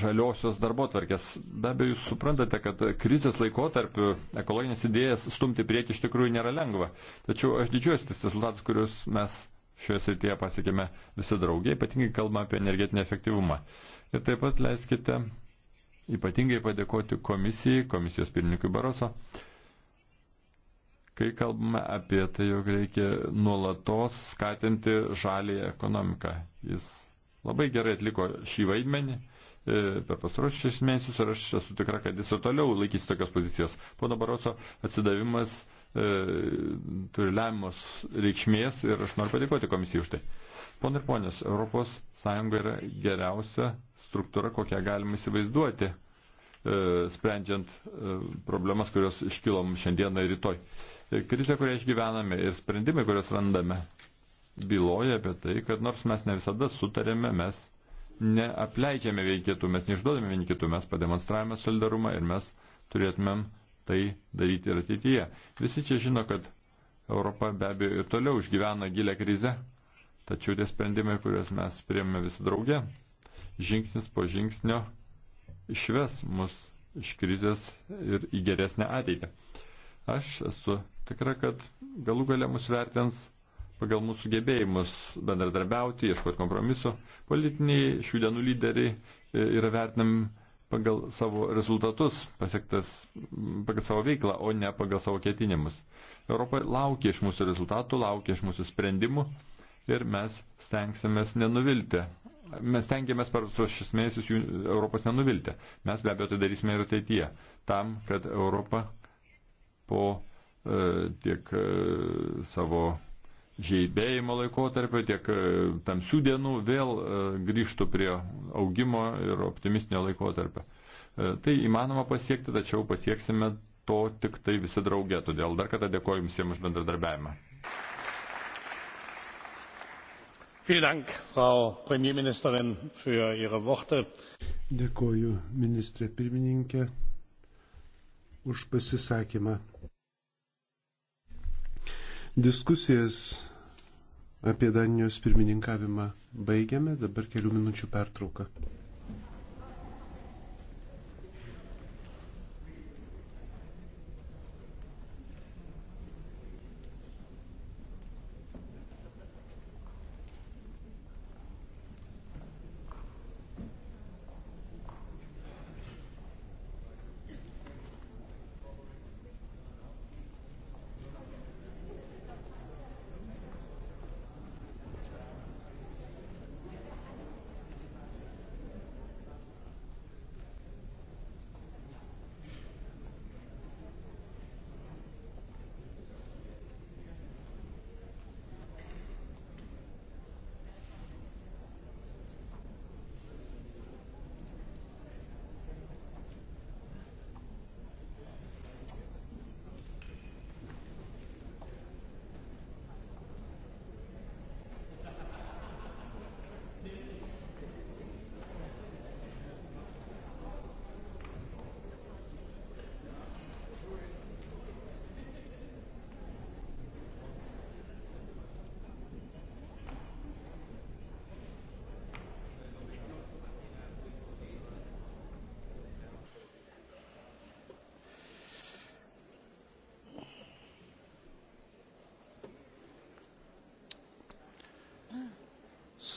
Speaker 1: žaliosios darbo tvarkės. Be abejo, jūs suprantate, kad krizės laikotarpiu ekologinės idėjas stumti prieki iš tikrųjų nėra lengva. Tačiau aš didžiuojuosi tais rezultatus, kuriuos mes šioje srityje pasiekėme visi draugiai, ypatingai kalbame apie energetinį efektyvumą. Ir taip pat leiskite ypatingai padėkoti komisijai, komisijos pirmininkui Baroso, kai kalbame apie tai, jog reikia nuolatos skatinti žalį ekonomiką. Jis labai gerai atliko šį vaidmenį e, per pastaruosius šešis mėnesius ir aš esu tikra, kad jis ir toliau laikys tokios pozicijos. Pono Baroso atsidavimas e, turi lemiamos reikšmės ir aš noriu padėkoti komisijai už tai. Pone ir ponės, ES yra geriausia struktūra, kokią galima įsivaizduoti, e, sprendžiant e, problemas, kurios iškilom šiandieną ir rytoj. E, Ir krizė, kurią išgyvename, ir sprendimai, kuriuos randame, byloja apie tai, kad nors mes ne visada sutarėme, mes neapleidžiame vieni kitų, mes neišduodame vieni kitų, mes pademonstravome solidarumą ir mes turėtumėm tai daryti ir ateityje. Visi čia žino, kad Europa be abejo ir toliau išgyvena gilę krizę, tačiau tie sprendimai, kuriuos mes priėmėme visi drauge, žingsnis po žingsnio išves mus iš krizės ir į geresnę ateitį. Aš esu tikra, kad galų galę mus vertins pagal mūsų gebėjimus bendradarbiauti, ieškoti kompromiso. Politiniai šių dienų lyderiai e, yra vertinami pagal savo rezultatus, pasiektas pagal savo veiklą, o ne pagal savo ketinimus. Europa laukia iš mūsų rezultatų, laukia iš mūsų sprendimų ir mes stengsimės nenuvilti. Mes tengiamės per visus šis mėnesius jų Europos nenuvilti. Mes be abejo tai darysime ir ateityje, tam, kad Europa po E, tiek e, savo žaibėjimo laikotarpio, tiek e, tamsių dienų vėl grįžtų prie augimo ir optimistinio laikotarpio. Tai įmanoma pasiekti, tačiau pasieksime to tik tai visi drauge. Todėl dar kartą dėkoju visiems už bendradarbiavimą. Dank, Frau
Speaker 2: Premierministerin, für Ihre Worte.
Speaker 3: Dėkoju ministrė pirmininkė už pasisakymą. Diskusijas apie Danijos pirmininkavimą baigiame, dabar kelių minučių pertrauka.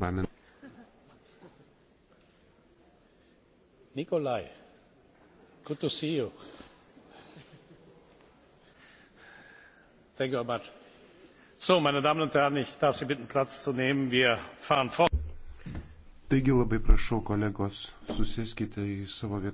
Speaker 3: Bannen.
Speaker 2: Nikolai, good to see you. Thank you very much. So, meine Damen und Herren, ich darf Sie bitten, Platz zu nehmen. Wir fahren fort.
Speaker 3: Taigi labai prašau, kolegos, susiskite į savo vietą.